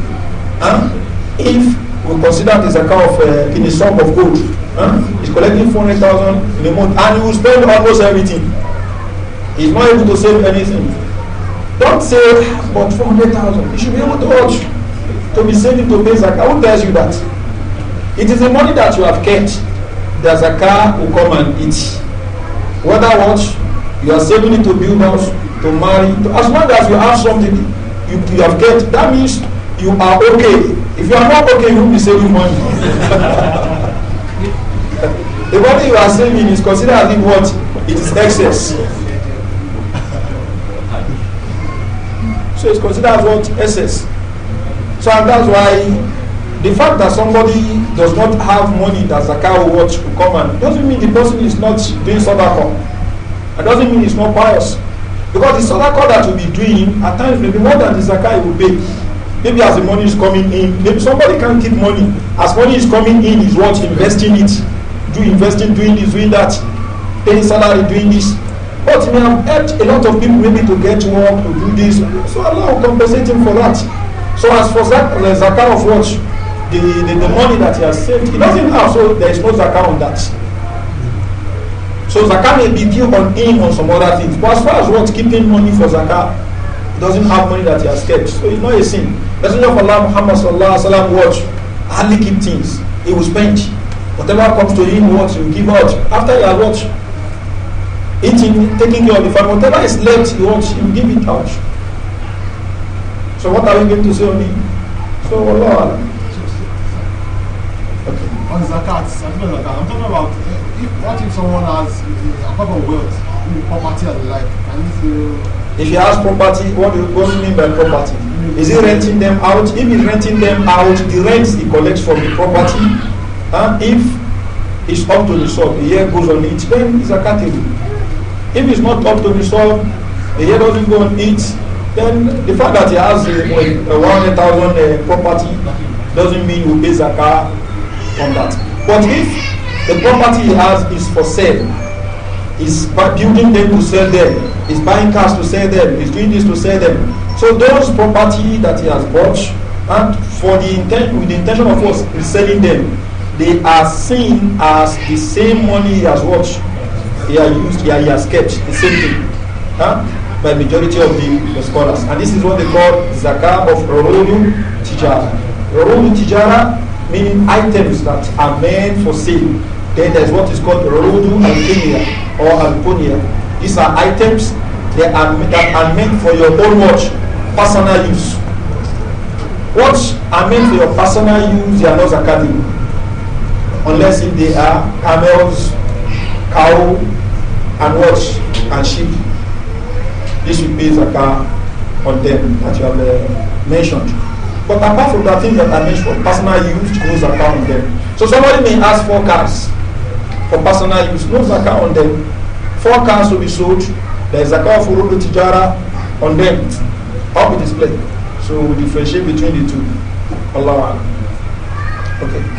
and ah, if we consider the zakah of uh, in a sum of gold Huh? He's collecting 400,000 in a month and he will spend almost everything. He's not able to save anything. Don't save but 400,000. You should be able to watch to be saving to pay Zakah. Who tells you that? It is the money that you have kept that Zakah will come and eat. Whether what you are saving it to build house, to marry, to, as long as you have something you, you have kept, that means you are okay. If you are not okay, you will be saving money. The money you are saving is considered as if what? It is excess. So it's considered as what? Excess. So and that's why the fact that somebody does not have money that Zakah will watch will come and doesn't mean the person is not doing sadaqah. It doesn't mean it's not pious. Because the sadaqah that will be doing at times maybe more than the Zakah will pay. Maybe as the money is coming in, maybe somebody can keep money. As money is coming in, is what investing it do investing, doing this, doing that, paying salary, doing this. But may have helped a lot of people maybe to get work, to do this. So Allah will compensate him for that. So as for Zak uh, the zakah of what? The, the, the money that he has saved, he doesn't have, so there is no zakah on that. So zakah may be due on him on some other things. But as far as what keeping money for zakah, he doesn't have money that he has kept. So it's not a sin. Messenger of Allah Muhammad sallallahu alaihi wasallam watch hardly keep things. He will spend. Whatever comes to him, what you give out. After you are what? Eating, taking care of the family, whatever is left, you want, you give it out. So what are you going to say on it? So Allah. Okay. On zakat, I'm talking about eh, if what if someone has a lot of wealth, property and the like, can you If he has property, what do, you mean by property? Is he renting them out? If he's renting them out, the rents, he collects from the property And if it's up to the sub, the year goes on it, then it's a category. If it's not up to the sub, the year doesn't go on it, then the fact that he has a, a 100,000 uh, property doesn't mean you pay zakah on that. But if the property he has is for sale, he's building them to sell them, he's buying cars to sell them, he's doing this to sell them. So those property that he has bought, and for the intent, with the intention of us selling them, they are seen as the same money he has watched, he has used, he has kept, the same thing huh? by majority of the, the, scholars. And this is what they call zakah of urulu tijara. Urulu tijara meaning items that are meant for sale. Then there's what is called rudu al or al These are items that are, that are meant for your own watch, personal use. Watch are meant for your personal use, they are not zakatable unless if they are camels, cow, and what? And sheep. This will be zakah on them that you have uh, mentioned. But apart from that thing that I mentioned for personal use, no zakah on them. So somebody may ask for cars for personal use, no zakah on them. Four cars will be sold, there is zakah for Rudu Tijara on them, up with display. So we differentiate between the two. Allah. Okay.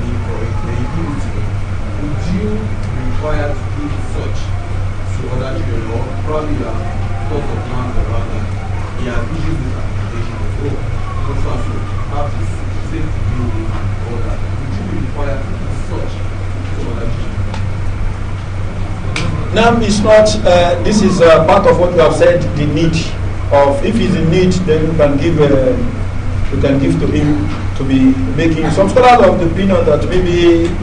you require to do research so that you know probably you have thought of plans around that. He has issues this application of oh, so so you have this safety building and all that. Would you be required to research so that you NAM is not, uh, this is uh, part of what you have said, the need of, if he's in need, then you can give, uh, you can give to him to be making. Some scholars of the opinion that maybe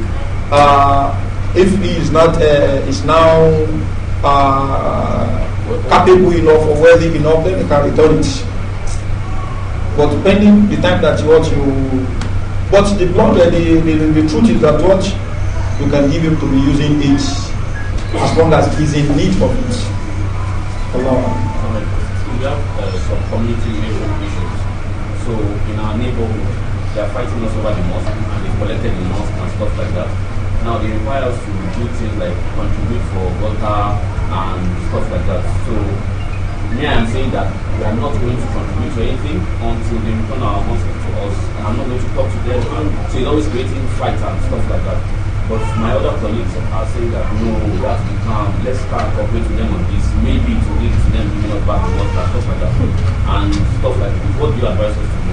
uh, if he is not uh, is now uh, capable enough or worthy enough, then he can return it. But depending the time that you want you, but the blood, uh, the, the, the truth is that what you can give him to be using it as long as he's in need of it. Allah. We have uh, some community issues. So in our neighborhood, they are fighting us over the mosque and they collected the mosque and stuff like that. Now they require us to do things like contribute for water and stuff like that. So me, I'm saying that we are not going to contribute to anything until they return our money to us. I'm not going to talk to them. And so it's always creating fights and stuff like that. But my other colleagues are saying that no, we have to calm, let's start cooperating with them on this. Maybe to give to them giving us back water, stuff like that. And stuff like this. What do you advise us to do?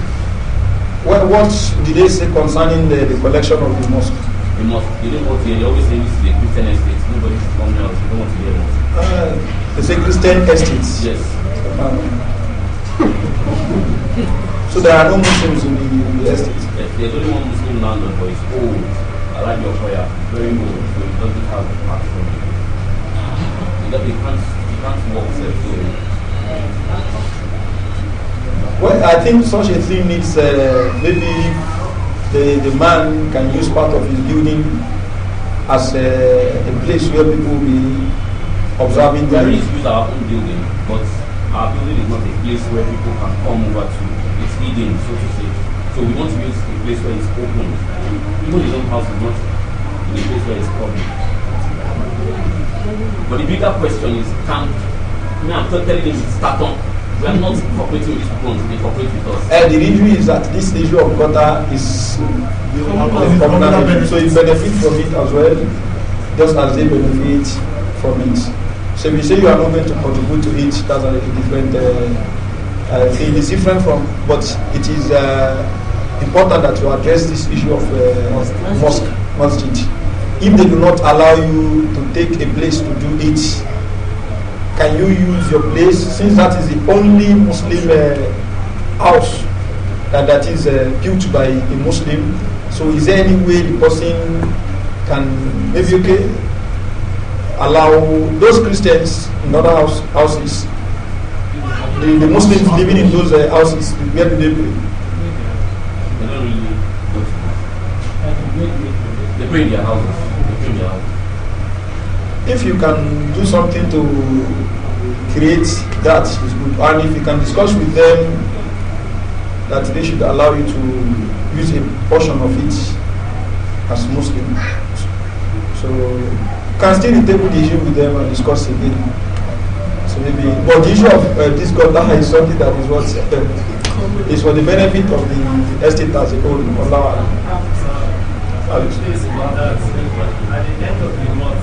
Well, what did they say concerning the, the collection of the mosque? You must, you don't want to hear, you always say this is a Christian estate. Nobody should come out, you don't want to hear much. Uh, it's a Christian estate? Yes. so there are no Muslims in the, the estate? Yes, there's only one Muslim landlord, but it's old. I like your prayer, very old, so it doesn't have a path from you. you can't, you can't walk self Well, I think such a thing needs uh, maybe the, the man can use part of his building as a, a place where people will be observing. the use our own building, but our building is not a place where people can come over to. It's hidden, so to say. So we want to use a place where it's open. Even his own house is not in a place where it's public. But the bigger question is, can me I'm telling you it's start on. We are not cooperating with drones, they cooperate with us. And eh, the issue is that this issue of quota is communal, so you benefit from it as well, just as they benefit from it. So if you say you are not going to contribute to it, that's a different uh, uh, thing. It's different from, but it is uh, important that you address this issue of mosque, masjid. If they do not allow you to take a place to do it, can you use your place since that is the only Muslim uh, house that, that is uh, built by a Muslim? So is there any way the person can maybe okay allow those Christians in other house, houses, the, the, Muslims living in those uh, houses, where do they pray? They pray in their houses. if you can do something to create that is good and if you can discuss with them that they should allow you to use a portion of it as muslim so you can still table the issue with them and discuss again so maybe but the issue of uh, this god is something that is what uh, is for the benefit of the, the estate as a whole Allah. Obviously. At the end of the month,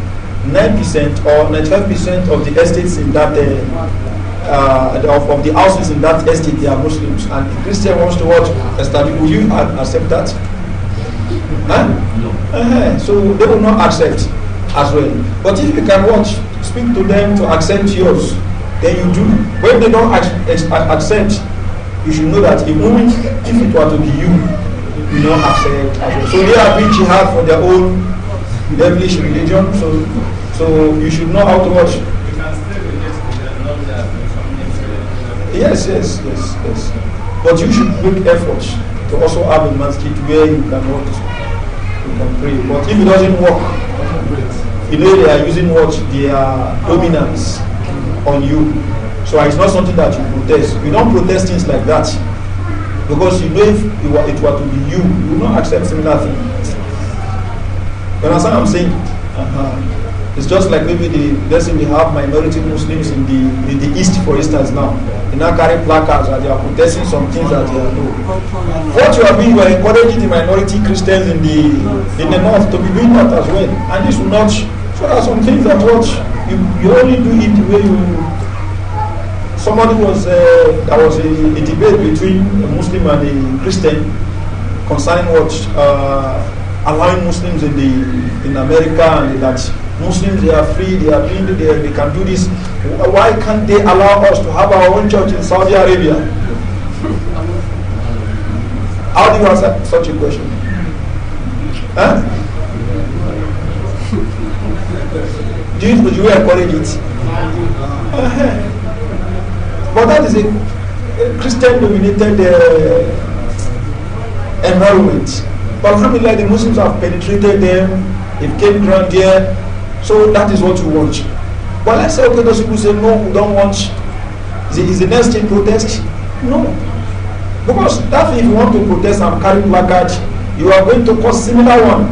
9% or 95% of the estates in that uh, uh, of, of, the houses in that estate they are Muslims and the Christian wants to watch establish will you accept that? Huh? No. Uh-huh. So they will not accept as well. But if you can watch, speak to them to accept yours, then you do. When they don't accept, you should know that moment, if it were to be you, you don't accept as well. So they are being jihad for their own devilish religion. So, so you should know how to watch. You can still Yes, yes, yes, yes. But you should make efforts to also have a masjid where you can what you can pray. But if it doesn't work, you know they are using what their dominance on you. So it's not something that you protest. You don't protest things like that because you know if it were, it were to be you, you will not accept similar things. You understand what I'm saying? Uh -huh. It's just like maybe the let we have minority Muslims in the in the east, for instance, now. They now carry placards and they are protesting some things that they are doing. What you are doing, you are encouraging the minority Christians in the in the north to be doing that as well. And this will not so there are some things that what you, you only do it the way you somebody was uh, there was a, a, debate between a Muslim and a Christian concerning what uh, allowing Muslims in the in America and that Muslims they are free, they are being they, they can do this. Why can't they allow us to have our own church in Saudi Arabia? How do you answer such a question? Huh? Do you, do you encourage it? but that is a Christian dominated uh, environment. But alhamdulillah, the Muslims have penetrated them, they've came ground there. So that is what we want. But let's say, okay, those people say, no, we don't want. The, is the next thing protest? No. Because that if you want to protest and carry placards, you are going to cause similar one.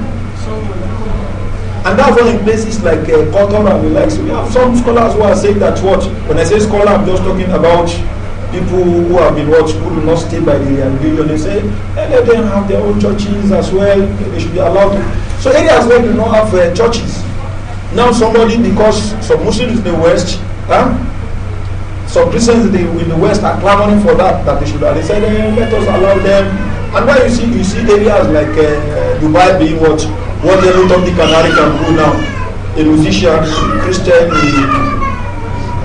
And that's why in places like uh, Qatar and the likes, we have some scholars who are saying that what? When I say scholar, I'm just talking about people who have been watched who do not stay by the religion, they say, hey, eh, let them have their own churches as well. They should be allowed. To. So areas where do not have uh, churches. Now somebody, because some Muslims in the West, huh? some Christians in the, in the West are clamoring for that, that they should have. They say, hey, eh, let us allow them. And why you see you see areas like uh, Dubai being what, what they look of the Canary can do now. A musician, Christian, a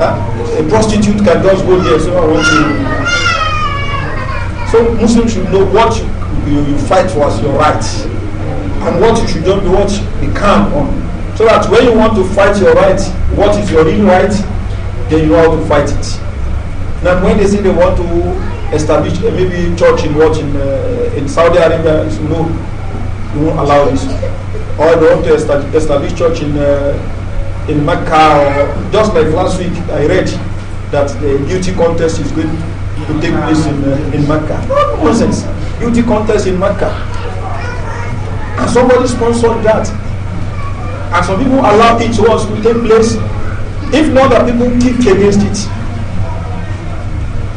uh, a prostitute can just go there. So I want to. So Muslims should know what you, you, you fight for as your right, and what you should not be what become on. So that when you want to fight your right, what is your real right, then you know how to fight it. Now, when they say they want to establish uh, maybe church in what in, uh, in Saudi Arabia, you know, you won't allow this. Or they want to establish church in uh, in Mecca, just like last week, I read that the beauty contest is going to take place in, uh, in Mecca. No nonsense. Beauty contest in Mecca. And somebody sponsored that. And some people allowed it to us to take place. If not, that people kicked against it.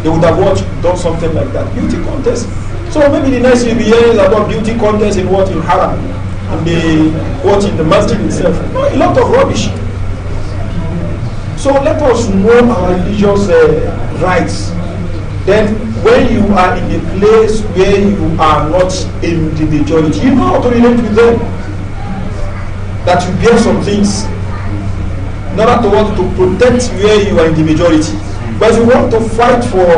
They would have watched, done something like that. Beauty contest. So maybe the next few years about beauty contest in what in Haram and the what in the masjid itself. No, a lot of rubbish. So let us know our religious uh, rights. Then when you are in a place where you are not in the majority, you know how to relate with them. That you bear some things not order to want to protect where you are in the majority. But you want to fight for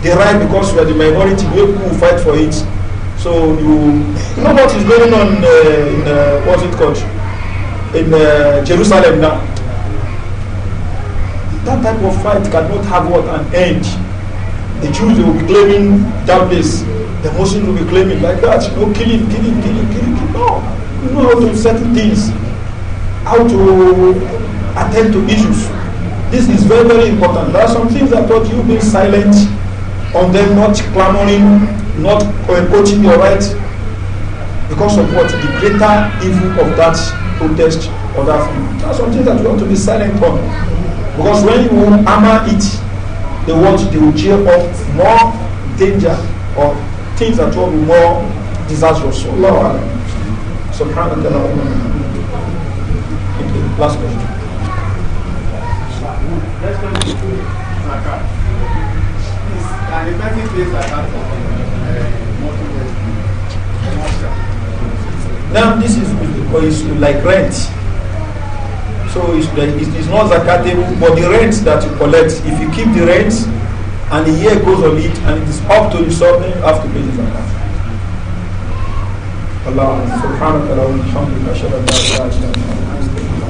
the right because you are the minority, you will fight for it. So you, you know what is going on uh, in uh, what's it called? In uh, Jerusalem now That type of fight cannot have what an end. The Jews will be claiming that place. The Muslims will be claiming like that. You know, killing, killing, killing, killing. killing. No, you know how to settle things, how to attend to issues. This is very, very important. There are some things that taught you being silent on them, not clamoring, not coaching your right, because of what? The greater evil of that protest or that thing. There are some things that you want to be silent on. Because when you hammer it, the what they will cheer up more danger or things that will be more disastrous. Allah Subhanahu wa ta'ala. Last question. Let's go to Zakat. An effective place Zakat for Now, this is like rent. So it's, it's not zakatable, but the rent that you collect, if you keep the rent and the year goes on it and it is up to the sovereign, you have to pay the zakat. Allah, subhanahu wa ta'ala,